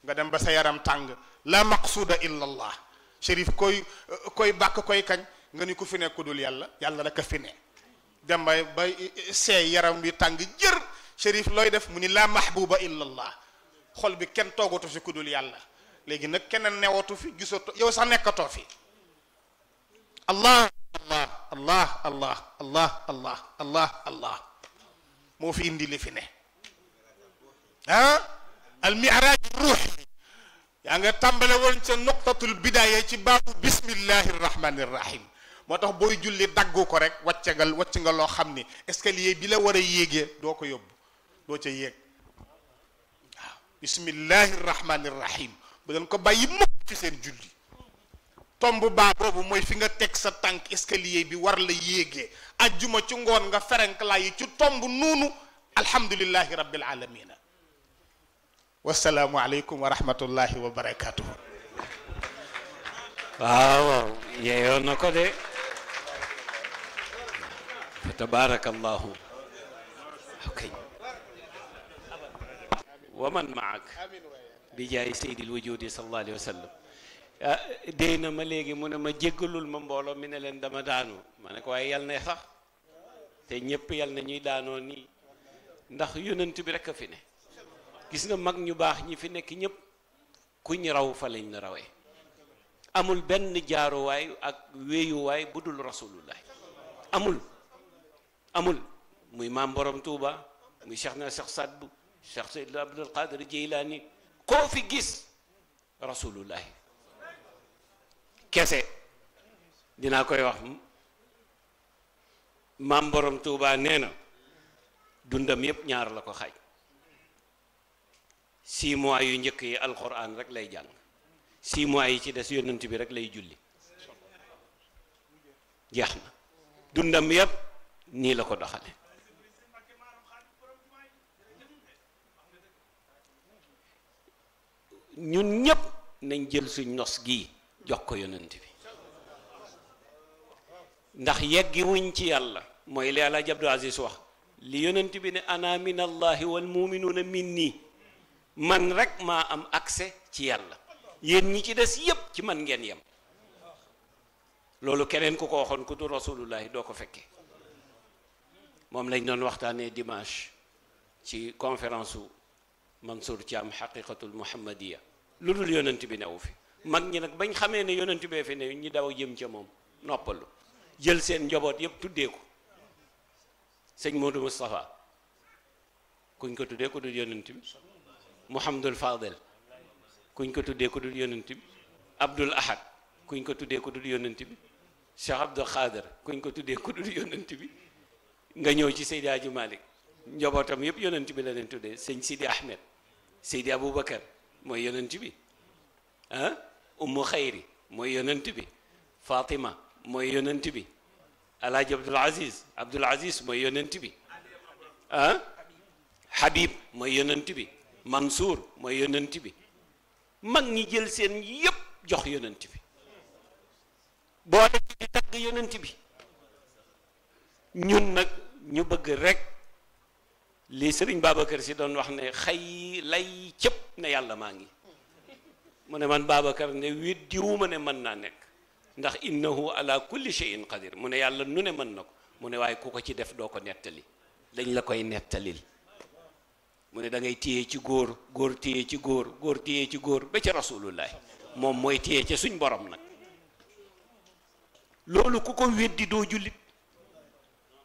nga dem ba sa yaram tàng laa maqsuuda illa allah shérif koy koy bàkk koy kañ nga ni ku fi ne ku dul yàlla yàlla rek a fi ne dem ba ba yaram wi tàng jër shérif looy def mu ni laa mahbuba illa allah xol bi kenn toogatu si ku yàlla léegi nag keneen newatu fi gisatoo yow sax nekkatoo fi allah allah allah allah allah allah allah allah moo fi indi li fi ne ah al miraaj ruuxi yaa nga tàmbale woon sa nuqtatul bidaaya ci baabu bismillahi rahmani rahim moo tax booy julli daggu ko rek wàcce nga wàcc nga loo xam ni escalier bi la war a yéegee doo ko yóbbu doo ca yéeg waaw bismillahi rahmani rahim bu leen ko bàyyi mukk ci seen julli tomb baa mooy fi nga teg sa tànk escalier bi war la yéegee ajjuma ci ngoon nga ferenklaa yi ci tomb nuunu alhamdulillahi rabbil alamina wasalaamu aleykum wa rahmatullahi wa barakatuhu wa man maak bi jaay seydil wujudi sallallahu alayhi wa sallam ah, déy na ma léegi mu ne ma jéggalul ma mbooloo mi ne leen dama daanoo ma ne ko waaye yal na sax te ñëpp yal na ñuy daanoo nii ndax yonent bi rek a fi ne gis nga mag ñu baax ñi fi nekk ñëpp kuñ raw fa lañ la rawee amul benn jaaruwaay ak wéyuwaay bu dul rasulullah amul amul muy maam borom Touba muy Cheikh na Cheikh Sadbu Cheikh Seyd Abdul Qadir Jeylaani koo fi gis rasulullahi kese dinaa koy wax maam borom Tuubaa nee na dundam yépp ñaar la ko xaaj six mois yu njëkk yi alxuraan rek lay jàng six mois yi ci des yonent bi rek lay julli jeex na dundam yépp nii la ko doxale ñun ñépp nañ jël suñ nos gii jox ko yonent bi ndax yeggi wuñ ci yàlla mooy li Alaaji Abdou Aziz wax li yonent bi ne ana min allahi wal muminuuna min nii man rek maa am accès ci yàlla yéen ñi ci des yépp ci man ngeen yem loolu keneen ku ko waxoon ku du rasulullahi doo ko fekke moom lañ doon waxtaanee dimanche ci conférence u ci am xaqiqatul muhammadiya lu dul yonent bi newu fi mag ñi nag bañ xamee ne yonent bee fi ne ñi daw jëm ca moom noppalu jël seen njaboot yëpp tuddee ko sëñ Modou Moustapha kuñ ko tuddee ko dul yonent bi Mouhamadul Fadel kuñ ko tuddee ko dul yonent bi Abdul Ahad kuñ ko tuddee ko dul yonent bi Cheikh Abdul Khader kuñ ko tuddee ko dul yonent bi nga ñëw ci Seydi Hadji njobootam njabootam yëpp yonent bi la leen tuddee sëñ Sidi Ahmed Seydi Aboubacar mooy yonent bi ah ummu xayri mooy yonent bi fatima mooy yonent bi alaaji abdul aziz abdul aziz mooy yonent bi ah habib mooy yonent bi mansour mooy yonent bi mag ñi jël seen yépp jox yonent bi boole di tagg yonent bi ñun nag ñu bëgg rekk li sëriñ Babacar si doon wax ne xay lay cëpp ne yàlla maa ngi mu ne man Babacar ne weddiwuma ne mën naa nekk ndax innahu ala kulli shay'in qadir mu ne yàlla nu ne mën na ko mu ne waaye ku ko ci def doo ko nettali dañ la koy nettalil mu ne dangay ngay téye ci góor góor téye ci góor góor téye ci góor ba ci rasulullah moom mooy téye ca suñ borom nag loolu ku ko weddi doo jullit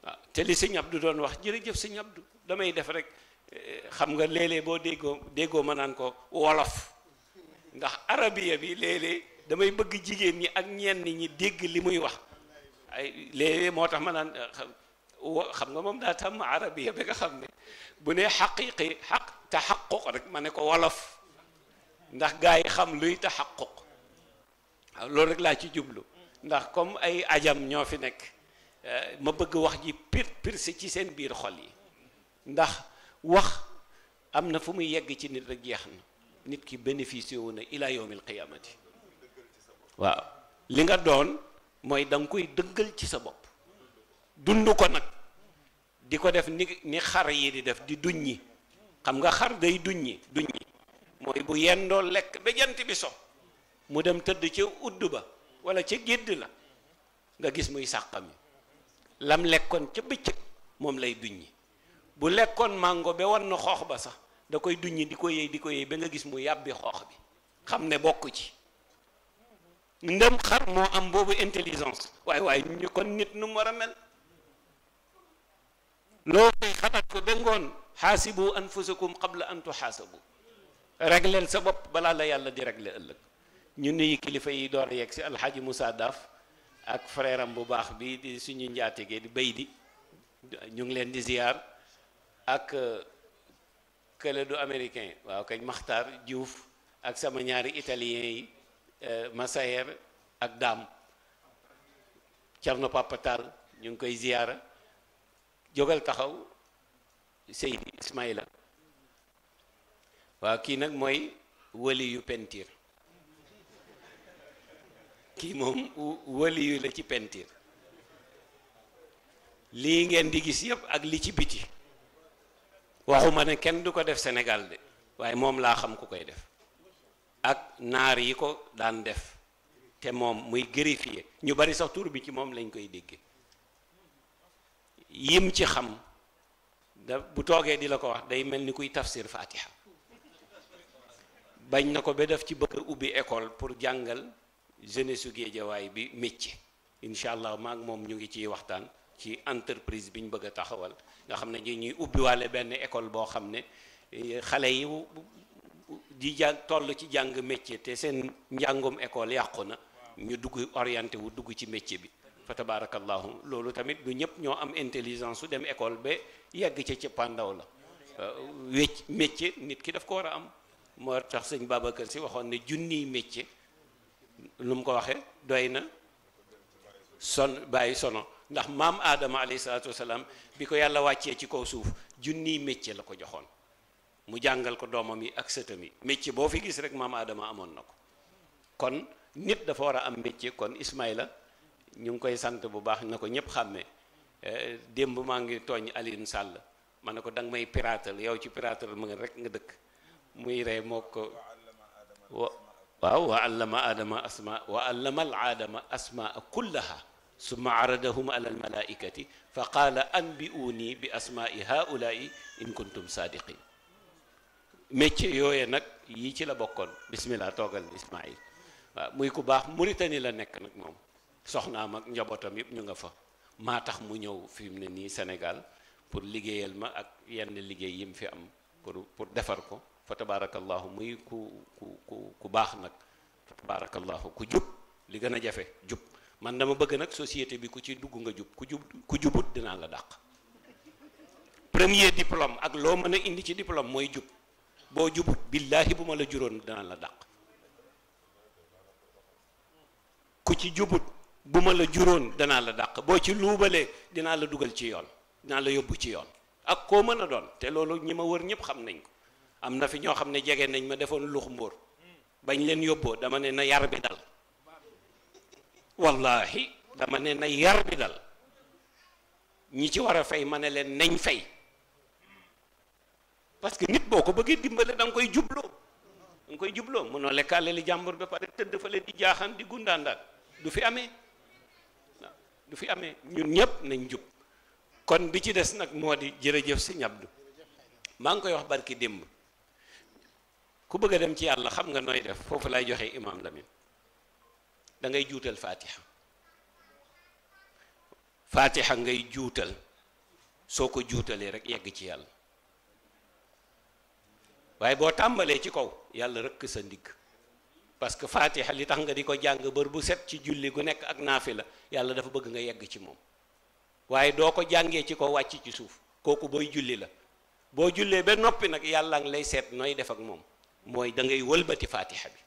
waaw te li sëñ Abdou doon wax jërëjëf sëñ Abdou damay def rek eh, xam nga léeg boo déggoo déggoo ma naan ko wolof ndax arabiya bi léeg damay bëgg jigéen ñi ak ñenn ñi dégg li muy wax ay léeg moo tax ma naan eh, xam nga moom daa tàmm arabiya bi nga xam ne bu ne xaqiqi xaq taxaquq rek ma ne ko wolof ndax gaa yi xam luy taxaquq loolu rek laa ci jublu ndax comme ay ajam ñoo fi nekk eh, ma bëgg wax ji pir pirse ci seen biir xol yi ndax wax am na fu muy yegg ci nit rek jeex na nit ki bénéficié wu na ila yawmil qiyaamati waaw li nga doon mooy danga koy dëggal ci sa bopp dund ko nag di ko def ni xar yi di def di duñ yi xam nga xar day duññi duññi mooy bu yendoo lekk ba bi so mu dem tëdd ca udd ba wala ca gédd la nga gis muy sàqami lam lekkoon ca bëccëg moom lay duññi bu lekkoon màngo ba war na xoox ba sax da koy duñ di ko yëy di ko yëy ba nga gis mu yàbbi xoox bi xam ne bokk ci ndem xar moo am boobu intelligence waaye waaye ñu kon nit num mu war a mel loo fay xalaat ko ba ngoon xaasibu anfusakum qabla an tuxaasabu regleel sa bopp balaa la yàlla di regle ëllëg ñu nuyu kilifa yi door a yegg si alxaaji Moussa Daaf ak freeram bu baax bi di suñu njaatige di bay di ñu ngi leen di ziyaar ak euh, kële du américain waaw kañ Maxtar Diouf ak sama ñaari italien yi euh, Massayer ak Dame Thierno Papa Tall ñu ngi koy ziyaara jógal taxaw Seydi Ismaïla waaw kii nag mooy wëli yu pentiir kii moom wëli yu la ci pentiir lii ngeen di gis yépp ak li ci biti waxuma ne kenn du ko def Sénégal de waaye moom laa xam ku koy def ak naar yi ko daan def te moom muy greffier ñu bari sax tur bi ci moom lañ koy déggee yim ci xam da bu toogee di la ko wax day mel ni kuy tafsir Fatiha bañ na ko ba def ci bëgg ubbi école pour jàngal jeunesse su bi métier incha allah maak moom ñu ngi ciy waxtaan. ci entreprise bi ñu bëgg a taxawal nga xam ne ji ñuy ubbiwaale benn école boo xam ne eh, xale yi di jàng toll ci jàng métier te seen njàngum école yàqu na ñu dugg orienté wu dugg ci métier bi fa tabarakallahu loolu tamit du ñëpp ñoo am intelligence su dem école ba yegg ca cëppandaw la euh, wecc métier nit ki daf ko war a am moo tax sëñ Babacar si waxoon ne junniy métier lu mu ko waxee doy na son bàyyi sono ndax maam aadama alayhi salaatu wasalaam bi ko yàlla wàccee ci kaw suuf junniy métier la ko joxoon mu jàngal ko doomam yi ak sëtam yi métier boo fi gis rek maam aadama amoon na ko kon nit dafa war a am métier kon la ñu ngi koy sant bu baax na ko ñëpp xàmmee eh, démb maa ngi tooñ alin Sall ma ne ko danga may piratal yow ci piratal mu nga rek nga dëkk muy rey moo ko waaw wa allama aadama asma wa allamal aadama asmaa kullaha summa aradahum ala almalaikati fa qaala anbi'uuni bi asmaai haulaai in kuntum saadiqin métier yooye nag yii ci la bokkoon bismillah toogal ismail waaw muy ku baax Mauritanie la nekk nag moom soxnaa mag njabootam yëpp ñu nga fa maa tax mu ñëw fi mu ne nii Sénégal pour liggéeyal ma ak yenn liggéey yi fi am pour defar ko fa tabarakallahu muy ku ku ku ku baax nag fa tabarakallahu ku jub li gën a jafe jub man dama bëgg nag société bi ku ci dugg nga jub ku jub ku jubut dinaa la dàq premier diplôme ak loo mën a indi ci diplôme mooy jub boo jubut billaahi bu ma la juróon dinaa la dàq ku ci jubut bu ma la juróon danaa la dàq boo ci luubalee dinaa la dugal ci yoon dinaa la yóbbu ci yoon ak koo mën a doon te loolu ñi ma wër ñëpp xam nañ ko am na fi ñoo xam ne jege nañ ma defoon lux mbóor bañ leen yóbboo dama ne na yar bi dal wallahi dama ne na yar bi dal ñi ci war a fay ma ne leen nañ fay parce que nit boo ko bëggee dimbale danga koy jubloo da koy jubloo mënoo lekkaale li jàmbur ba pare tëdd fa leen di jaaxan di gundaandaat du fi amee du fi amee ñun ñëpp nañ jub kon bi ci des nag moo di jërëjëf sëñ Abdou maa ngi koy wax barki démb ku bëgg a dem ci yàlla xam nga nooy def foofu lay joxe imaam Lamine da ngay juutal faatiha faatiha ngay juutal soo ko juutalee rek yegg ci yàlla waaye boo tàmbalee ci kaw yàlla rëkk sa ndigg parce que faatiha li tax nga di ko jàng bër bu set ci julli gu nekk ak naafi la yàlla dafa bëgg nga yegg ci moom waaye doo ko jàngee ci ko wàcc ci suuf kooku booy julli la boo jullee ba noppi nag yàlla ngi lay seet nooy def ak moom mooy da ngay wëlbati faatiha bi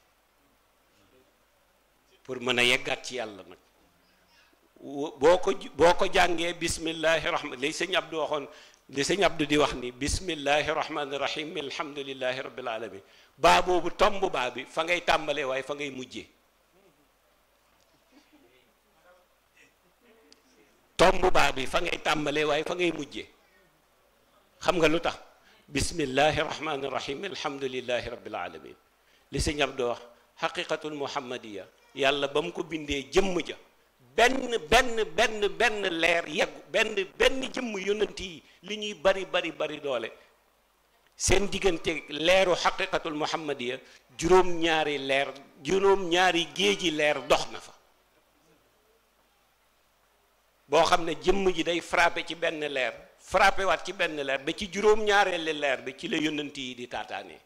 pour mën a yeggaat ci yàlla nag boo ko jàngee bismillahi rahman li sëñ Abdou waxoon li sëñ Abdou di wax ni bismillahi rahmani rahim alhamdulillahi rabbil alamin baa boobu tomb baa bi fa ngay tàmbalee waay fa ngay mujjee bi fa ngay tàmbalee waaye fa ngay xam nga lu tax bismillahi rahmani rahim alhamdulillahi rabbil alamin li sëñ Abdou wax xaqiqatul muhammadiya yàlla ba mu ko bindee jëmm ja benn benn benn benn leer yeggu benn benn jëmm yonent yi li ñuy bari bari bari doole seen diggante leeru xaqiqatul muhammadiya juróom-ñaari leer juróom-ñaari géeji leer dox na fa boo xam ne jëmm ji day frappé ci benn leer frappé waat ci benn leer ba ci juróom-ñaareeli leer bi ci la yonent yi di taataanee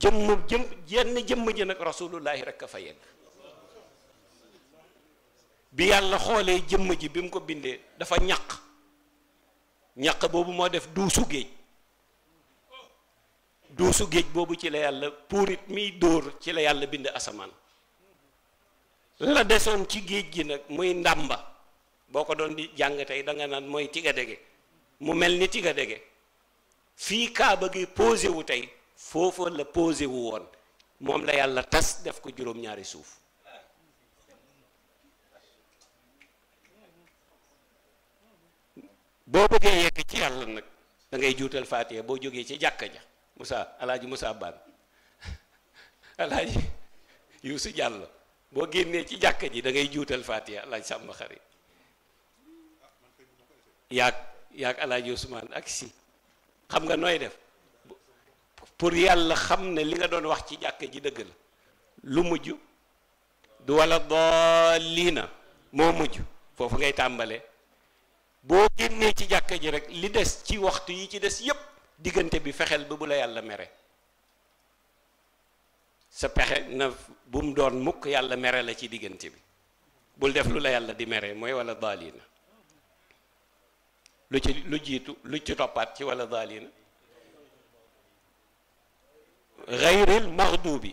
jëmm jëmm jenn jëmm ji nag rasulullahi rek a fa yegg bi yàlla xoolee jëmm ji bi mu ko bindee dafa ñaq ñaq boobu moo def duusu géej duusu géej boobu ci la yàlla puurit miy dóor ci la yàlla bind asamaan la desoon ci géej gi nag muy ndàmba boo ko doon di jàng tey da naan mooy tiga dege mu mel ni tiga dege fii kaaba gi posé wu tey foofu la posé wu woon moom la yàlla tas def ko juróom-ñaari suuf boo bëggee yegg ci yàlla nag dangay juutal faatiha boo jógee ci jàkka ja Moussa alaaji Moussa Baan alaaji Yuusu Jàllo boo génnee ci jàkk ji dangay juutal faatiha alaaji Sàmba Xari yaag yaag alaaji Usmaan ak si xam nga nooy def pour yàlla xam ne li nga doon wax ci jàkk ji dëgg la lu mujj du wala daalina moo mujj foofu ngay tàmbalee boo génnee ci jàkk ji rek li des ci waxtu yi ci des yépp diggante bi fexeel ba bu la yàlla mere sa pexe na bu mu doon mukk yàlla mere la ci diggante bi bul def lu la yàlla di mere mooy wala daalina lu ci lu jiitu lu ci toppaat ci wala daalina xayril maxduubi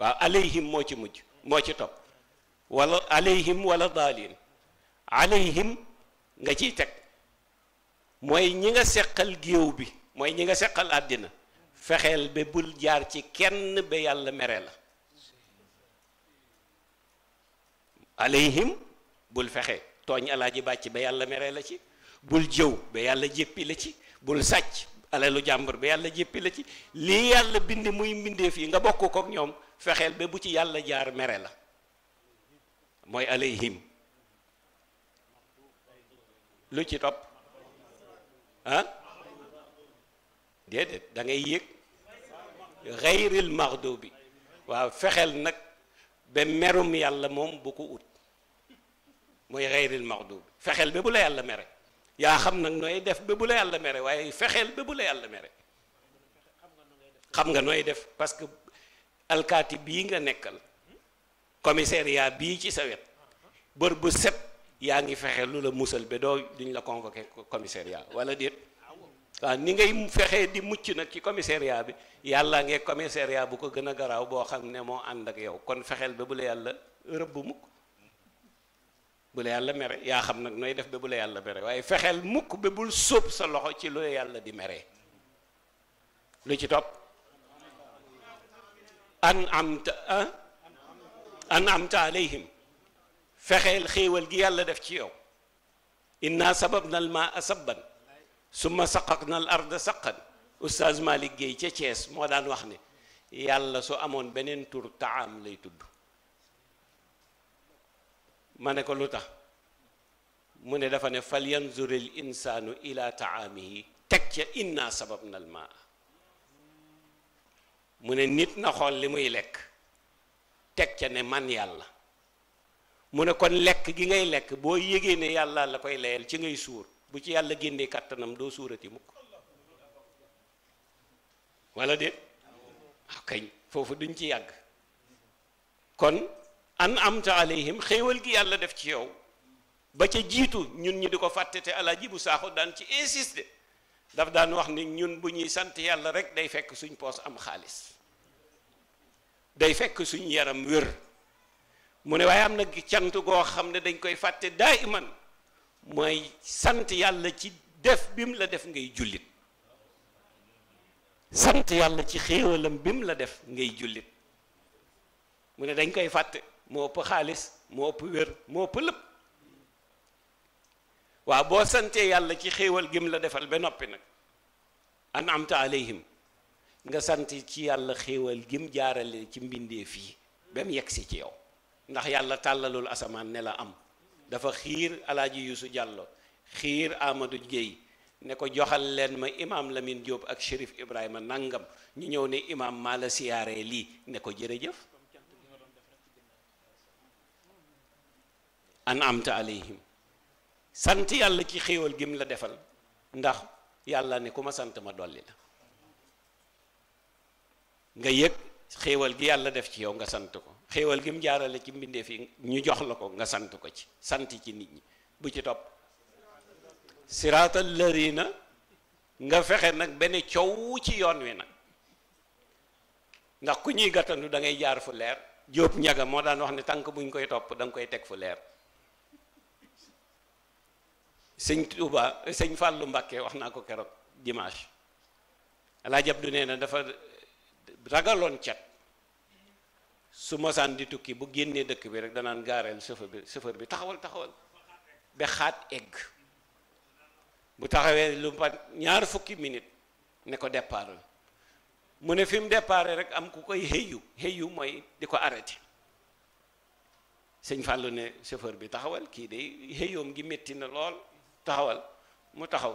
waaw alayhim moo ci mujj moo ci topp walla alayhim wala daalin alayhim nga ciy teg mooy ñi nga seqal géew bi mooy ñi nga seqal àddina fexeel ba bul jaar ci kenn ba yàlla mere la alayhim bul fexe tooñ alaaji bàcc ba yàlla mere la ci bul jëw ba yàlla jéppi la ci bul sàcc alalu jàmbur bi yàlla jéppi la ci lii yàlla bind muy mbindeef yi nga bokk kook ñoom fexeel ba bu ci yàlla jaar mere la mooy alayhim lu ci topp ah déedéet da ngay yëg xayril maxdo bi waaw fexeel nag ba merum yàlla moom bu ko ut mooy xayril maxdo bi fexeel ba bu la yàlla mere yaa xam nag nooy def ba bu la yàlla mere waaye fexeel ba bu la yàlla mere xam nga nooy def parce que alkaati bii nga nekkal commissariat bii ci sa wet bër bu set yaa ngi fexee lu la musal ba doo duñ la convoqué commissariat wala déet waaw ni ngay fexee di mucc nag ci commissariat bi yàlla ngee commissariat bu ko gën a garaaw boo xam ne moo ànd ak yow kon fexeel ba bu la yàlla rëbb mukk bu la yàlla mere yaa xam nag nooy def ba bu la yàlla mere waaye fexeel mukk be bul sóob sa loxo ci lu yàlla di mere lu ci top an amta an amta alayhim fexeel xéewal gi yàlla def ci yow inna sababna al maa sabban summa saqaqna al arda saqan oustaz Malick Guèye ca Thiès moo daan wax ne yàlla su amoon beneen tur taam lay tudd ma ne ko lu tax mu ne dafa ne fal yanzuril insaanu ila taamihi teg ca inna sabab nal maa mu ne nit na xool li muy lekk teg ca ne man yàlla mu ne kon lekk gi ngay lekk boo yégee ne yàlla la koy layal ci ngay suur bu ci yàlla génnee kàttanam doo suurati mukk wala déet ah, kañ foofu duñ ci yàgg kon an amta alayhim xéewal gi yàlla def ci yow ba ca jiitu ñun ñi di ko fàtte te alaaji bu saaxu daan ci insister daf daan wax ni ñun bu ñuy sant yàlla rek day fekk suñ poos am xaalis day fekk suñ yaram wér mu ne waaye am na cant goo xam ne dañ koy fàtte daa iman mooy sant yàlla ci def bim la def ngay jullit sant yàlla ci xéewalam bim la def ngay jullit mu ne dañ koy fàtte moo ëpp xaalis moo ëpp wér moo ëpp lépp waaw boo santee yàlla ci xéewal gim la defal ba noppi nag an'amta alayhim nga sant ci yàlla xéewal gim jaarale ci mbindeef fii ba mu si ci yow ndax yàlla tàllalul asamaan ne la am dafa xiir alaaji yusu jàlloo xiir Amadou géey ne ko joxal leen ma imaam Lamine Diop ak Chérif Ibrahima nangam ñu ñëw ne imaam maa la siyaaree lii ne ko jërëjëf an amta alayhim sant yàlla ci xéewal gim la defal ndax yàlla ne ku ma sant ma dolli la nga yëg xéewal gi yàlla def ci yow nga sant ko xéewal gim jaarale ci mbindeef yi ñu jox la ko nga sant ko ci sant yi ci nit ñi bu ci topp siraatal lërina nga fexe nag benn coow ci yoon wi nag ndax ku ñuy gàttandu da ngay jaar fu leer jóob ñaga moo daan wax ne tànk buñ koy topp danga koy teg fu leer sëñ Touba sëñ Fàllu Mbàkke wax naa ko keroog dimanche Alaaji Abdu nee na dafa ragaloon cet su mosaan di tukki bu génnee dëkk bi rek danaan gaareel chauffeur bi chauffeur bi taxawal taxawal ba xaat egg bu taxawee lu pat ñaar fukki minit ne ko départal mu ne fi mu dépare rek am ku koy xëyu xëyu mooy di ko arrêté sëñ Fàllu ne chauffeur bi taxawal kii day xëyoom gi metti na lool taxawal mu taxaw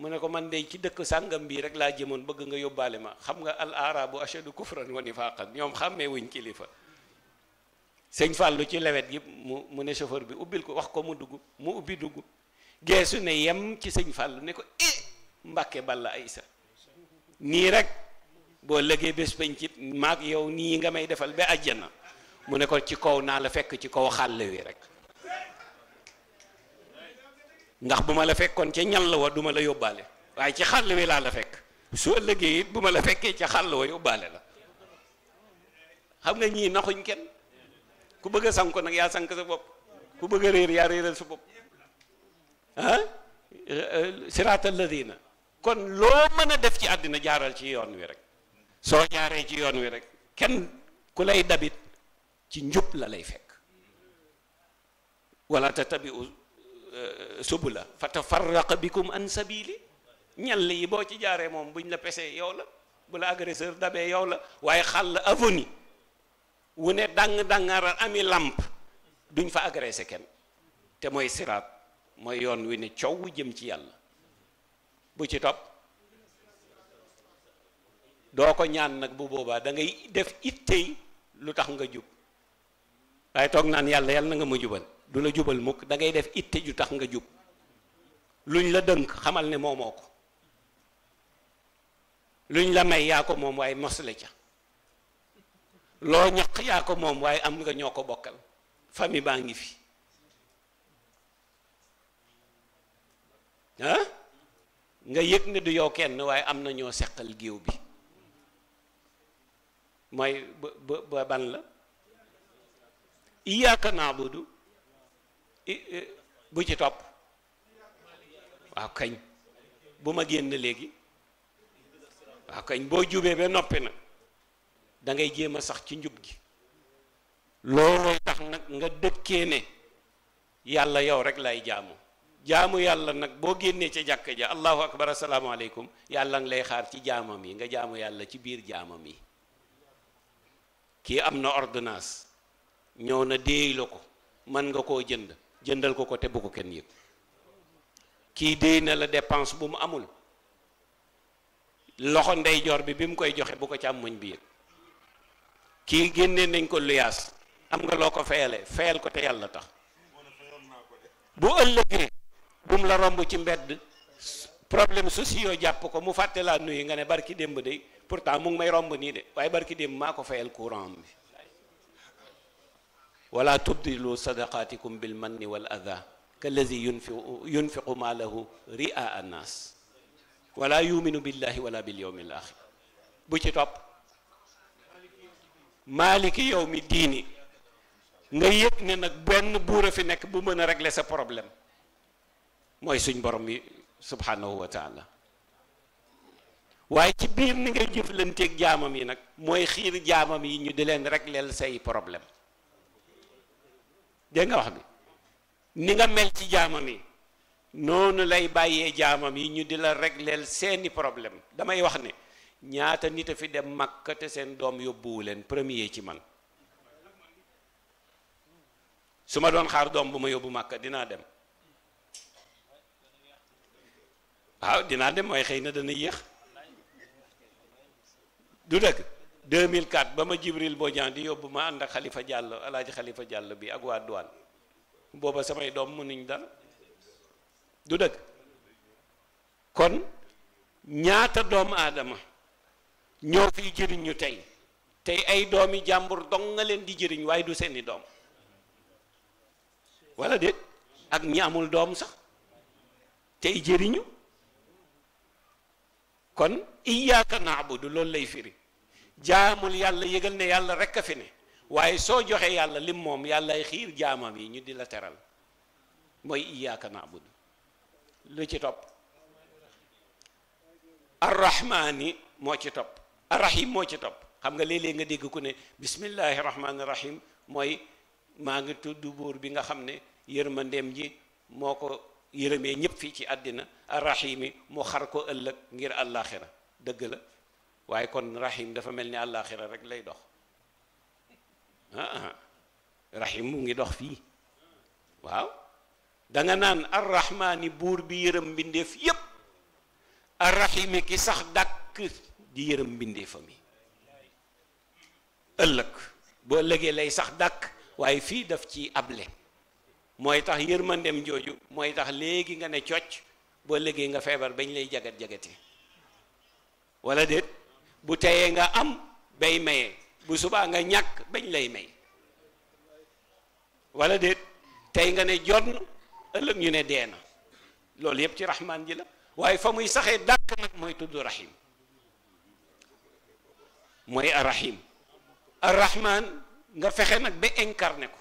mu ne ko man de ci dëkk sàngam bii rek laa jëmoon bëgg nga yóbbaale ma xam nga al arabu ashadu kufran wa nifaqan ñoom xàmmee wuñ kilifa sëñ Fallou ci lewet gi mu ne chauffeur bi ubbil ko wax ko mu dugg mu ubbi dugg geesu ne yem ci sëñ Fallou ne ko i eh, Mbàkke Balla Aysa nii rek boo lëgee bés bañ ci maag yow nii nga may defal ba àjjana mu ne ko ci kaw naa la fekk ci kaw xàll wi rek ndax bu ma la fekkoon ca ñal la wa duma la yóbbaale waaye ci xàll wi laa la fekk su ëllëgee it bu ma la fekkee ca xàll wa yóbbaale la xam nga ñii naxuñ kenn ku bëgg a sanku nag yaa sank sa bopp ku bëgg réer yaa réeral sa bopp ah siraat alladina kon loo mën a def ci àddina jaaral ci yoon wi rek soo jaaree ci yoon wi rek kenn ku lay dabit ci njub la lay fekk wala tatabiu sub euh, la subula fatafarraqa bikum an sabili ñal yi boo ci jaaree moom buñ la pesee yow la bu la agresseur dabee yow la waaye xàll avoni wu ne dang dangaral ami làmp duñ fa agressé kenn te mooy siraat mooy yoon wi ne coow jëm ci yàlla bu ci topp doo ko ñaan nag bu boobaa da ngay def ittey lu tax nga jub waaye toog naan yàlla yàlla na nga ma jubal du la jubal mukk dangay ngay def itte ju tax nga jub luñ la dënk xamal ne moomoo ko luñ la may yaa ko moom waaye mos la ca loo ñaq yaa ko moom waaye am nga ñoo ko bokkal famille baa ngi fi ah nga yëg ne du yow kenn waaye am na ñoo seqal géew bi mooy ba ba ban la iyaaka naabudu bu ci topp waaw kañ bu ma génn léegi waaw kañ boo jubee ba noppi nag dangay ngay jéem a sax ci njub gi looloo tax nag nga dëkkee ne yàlla yow rek lay jaamu jaamu yàlla nag boo génnee ca jàkka ja allahu akbar asalaamaaleykum yàlla ngi lay xaar ci jaamam yi nga jaamu yàlla ci biir jaamam yi kii am na ordonnance ñëw na déey la ko mën nga koo jënd jëndal ko ko te bu kenn yëg kii déy na la dépense bu mu amul loxo ndeyjoor bi bi mu koy joxe bu ko càmmoñ bi yëg kii génnee nañ ko luyaas am nga loo ko fayale fayal ko te yàlla tax bu ëllëgee bu mu la romb ci mbedd problème sociaux jàpp ko mu fàtte laa nuyu nga ne barki démb de pourtant mu ngi may romb nii de waaye barki démb maa ko fayal courant bi wala tubdilu sadaqaatikum bil manni wal adaa kallazi yunfiqu yunfiqu maalahu ri'a annaas wala yuminu billahi wala bil yawmil bu ci topp maaliki yow mi diini nga yëg ne nag benn buur fi nekk bu mën a régler sa problème mooy suñ boromi bi subhanahu waaye ci biir ni ngay jëflanteeg jaamam yi nag mooy xiir jaamam yi ñu di leen régleel say problème dégg nga wax bi ni nga mel ci jaamam yi noonu lay bàyyee jaamam yi ñu di la régleel seeni problème damay wax ne ñaata nit a fi dem Makka te seen doom yóbbuwu leen premier ci man su ma doon xaar doom bu ma yóbbu Makka dinaa dem waaw dinaa dem mooy xëy na dana yéex du dëgg 2004 ba ma Jibril Bodian di yóbbu ma ànd ak Khalifa Diallo alaaji Khalifa Diallo bi ak waa douane booba samay doom mënuñ dal du dëgg kon ñaata doomu aadama ñoo fiy jëriñ tey tey ay doomi jàmbur dong nga leen di jëriñ waaye du seeni doom wala déet ak ñi amul doom sax tey jëriñu kon naa iyyaka na'budu loolu lay firi jaamul yàlla yëgal ne yàlla rekk a fi ne waaye soo joxee yàlla lim moom ay xiir jaamam yi ñu di la teral mooy iyaaka naabudu lu ci topp arrahmaani moo ci topp arrahim moo ci topp xam nga léeg-léeg nga dégg ku ne bismillahi rahmaani rahim mooy maa ngi tudd buur bi nga xam ne yërmandeem ji moo ko yërëmee ñëpp fii ci àddina arrahimi mu xar ko ëllëg ngir àllaaxira dëgg la waaye kon rahim dafa mel ni àllaaxira rek lay dox ah rahim mu ngi dox fii waaw danga naan arrahmaani buur bi yërëm mbindeef yépp arrahimi ki sax dàkk di yërëm mbindeefam yi ëllëg boo ëllëgee lay sax dàkk waaye fii daf ci able mooy tax yërmandem jooju mooy tax léegi nga ne cocc boo ëllëgee nga feebar bañ lay jagat jagati wala déet bu tayee nga am bay maye bu subaa nga ñàkk bañ lay may wala de tey nga ne jot na ëllëg ñu ne deena loolu yëpp ci rahmaan ji la waaye fa muy saxee dàkk nag mooy tudd rahim mooy arrahim arrahman nga fexe nag ba incarné ko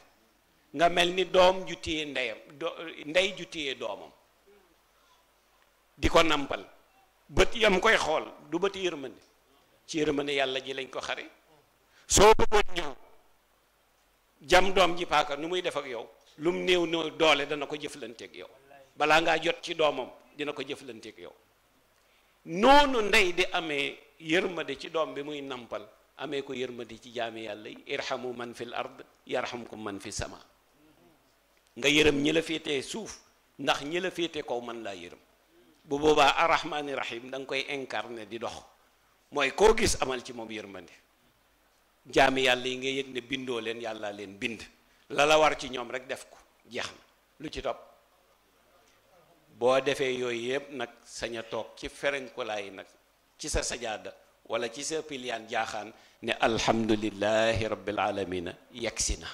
nga mel ni doom ju téye ndeyam ndey ju doomam di ko nampal bët yam koy xool du bët yërmande ci yërmande yàlla ji lañ ko xare soo bëggoon ñëw jam doom ji paaka nu muy def ak yow lu mu néew néew doole dana ko jëflanteek yow balaa ngaa jot ci doomam dina ko jëflanteek yow noonu ndey di amee yërmande ci doom bi muy nampal amee ko yërmande ci jaami yàlla yi irhamu man fil ard ko man fi sama nga yërëm ñila la suuf ndax ñi la féetee kaw man laa yërëm bu boobaa arrahmaani rahim da nga koy incarné di dox mooy koo gis amal ci moom yërmande jaami yàlla yi nga yëg ne bindoo leen yàlla leen bind la la war ci ñoom rek def ko jeex na lu ci topp boo defee yooyu yëpp nag saña toog ci ferenkulaay yi nag ci sa sajaada wala ci sa piliyaan jaaxaan ne alhamdulillahi rabbil alamina yegsi na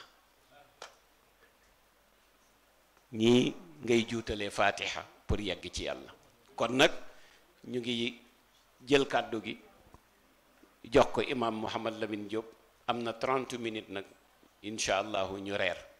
ñi ngay juutalee fatiha pour yegg ci yàlla kon nag ñu ngi jël kàddu gi jox ko imam Mouhamad Lamine Diop am na 30 minutes nag incha allahu ñu reer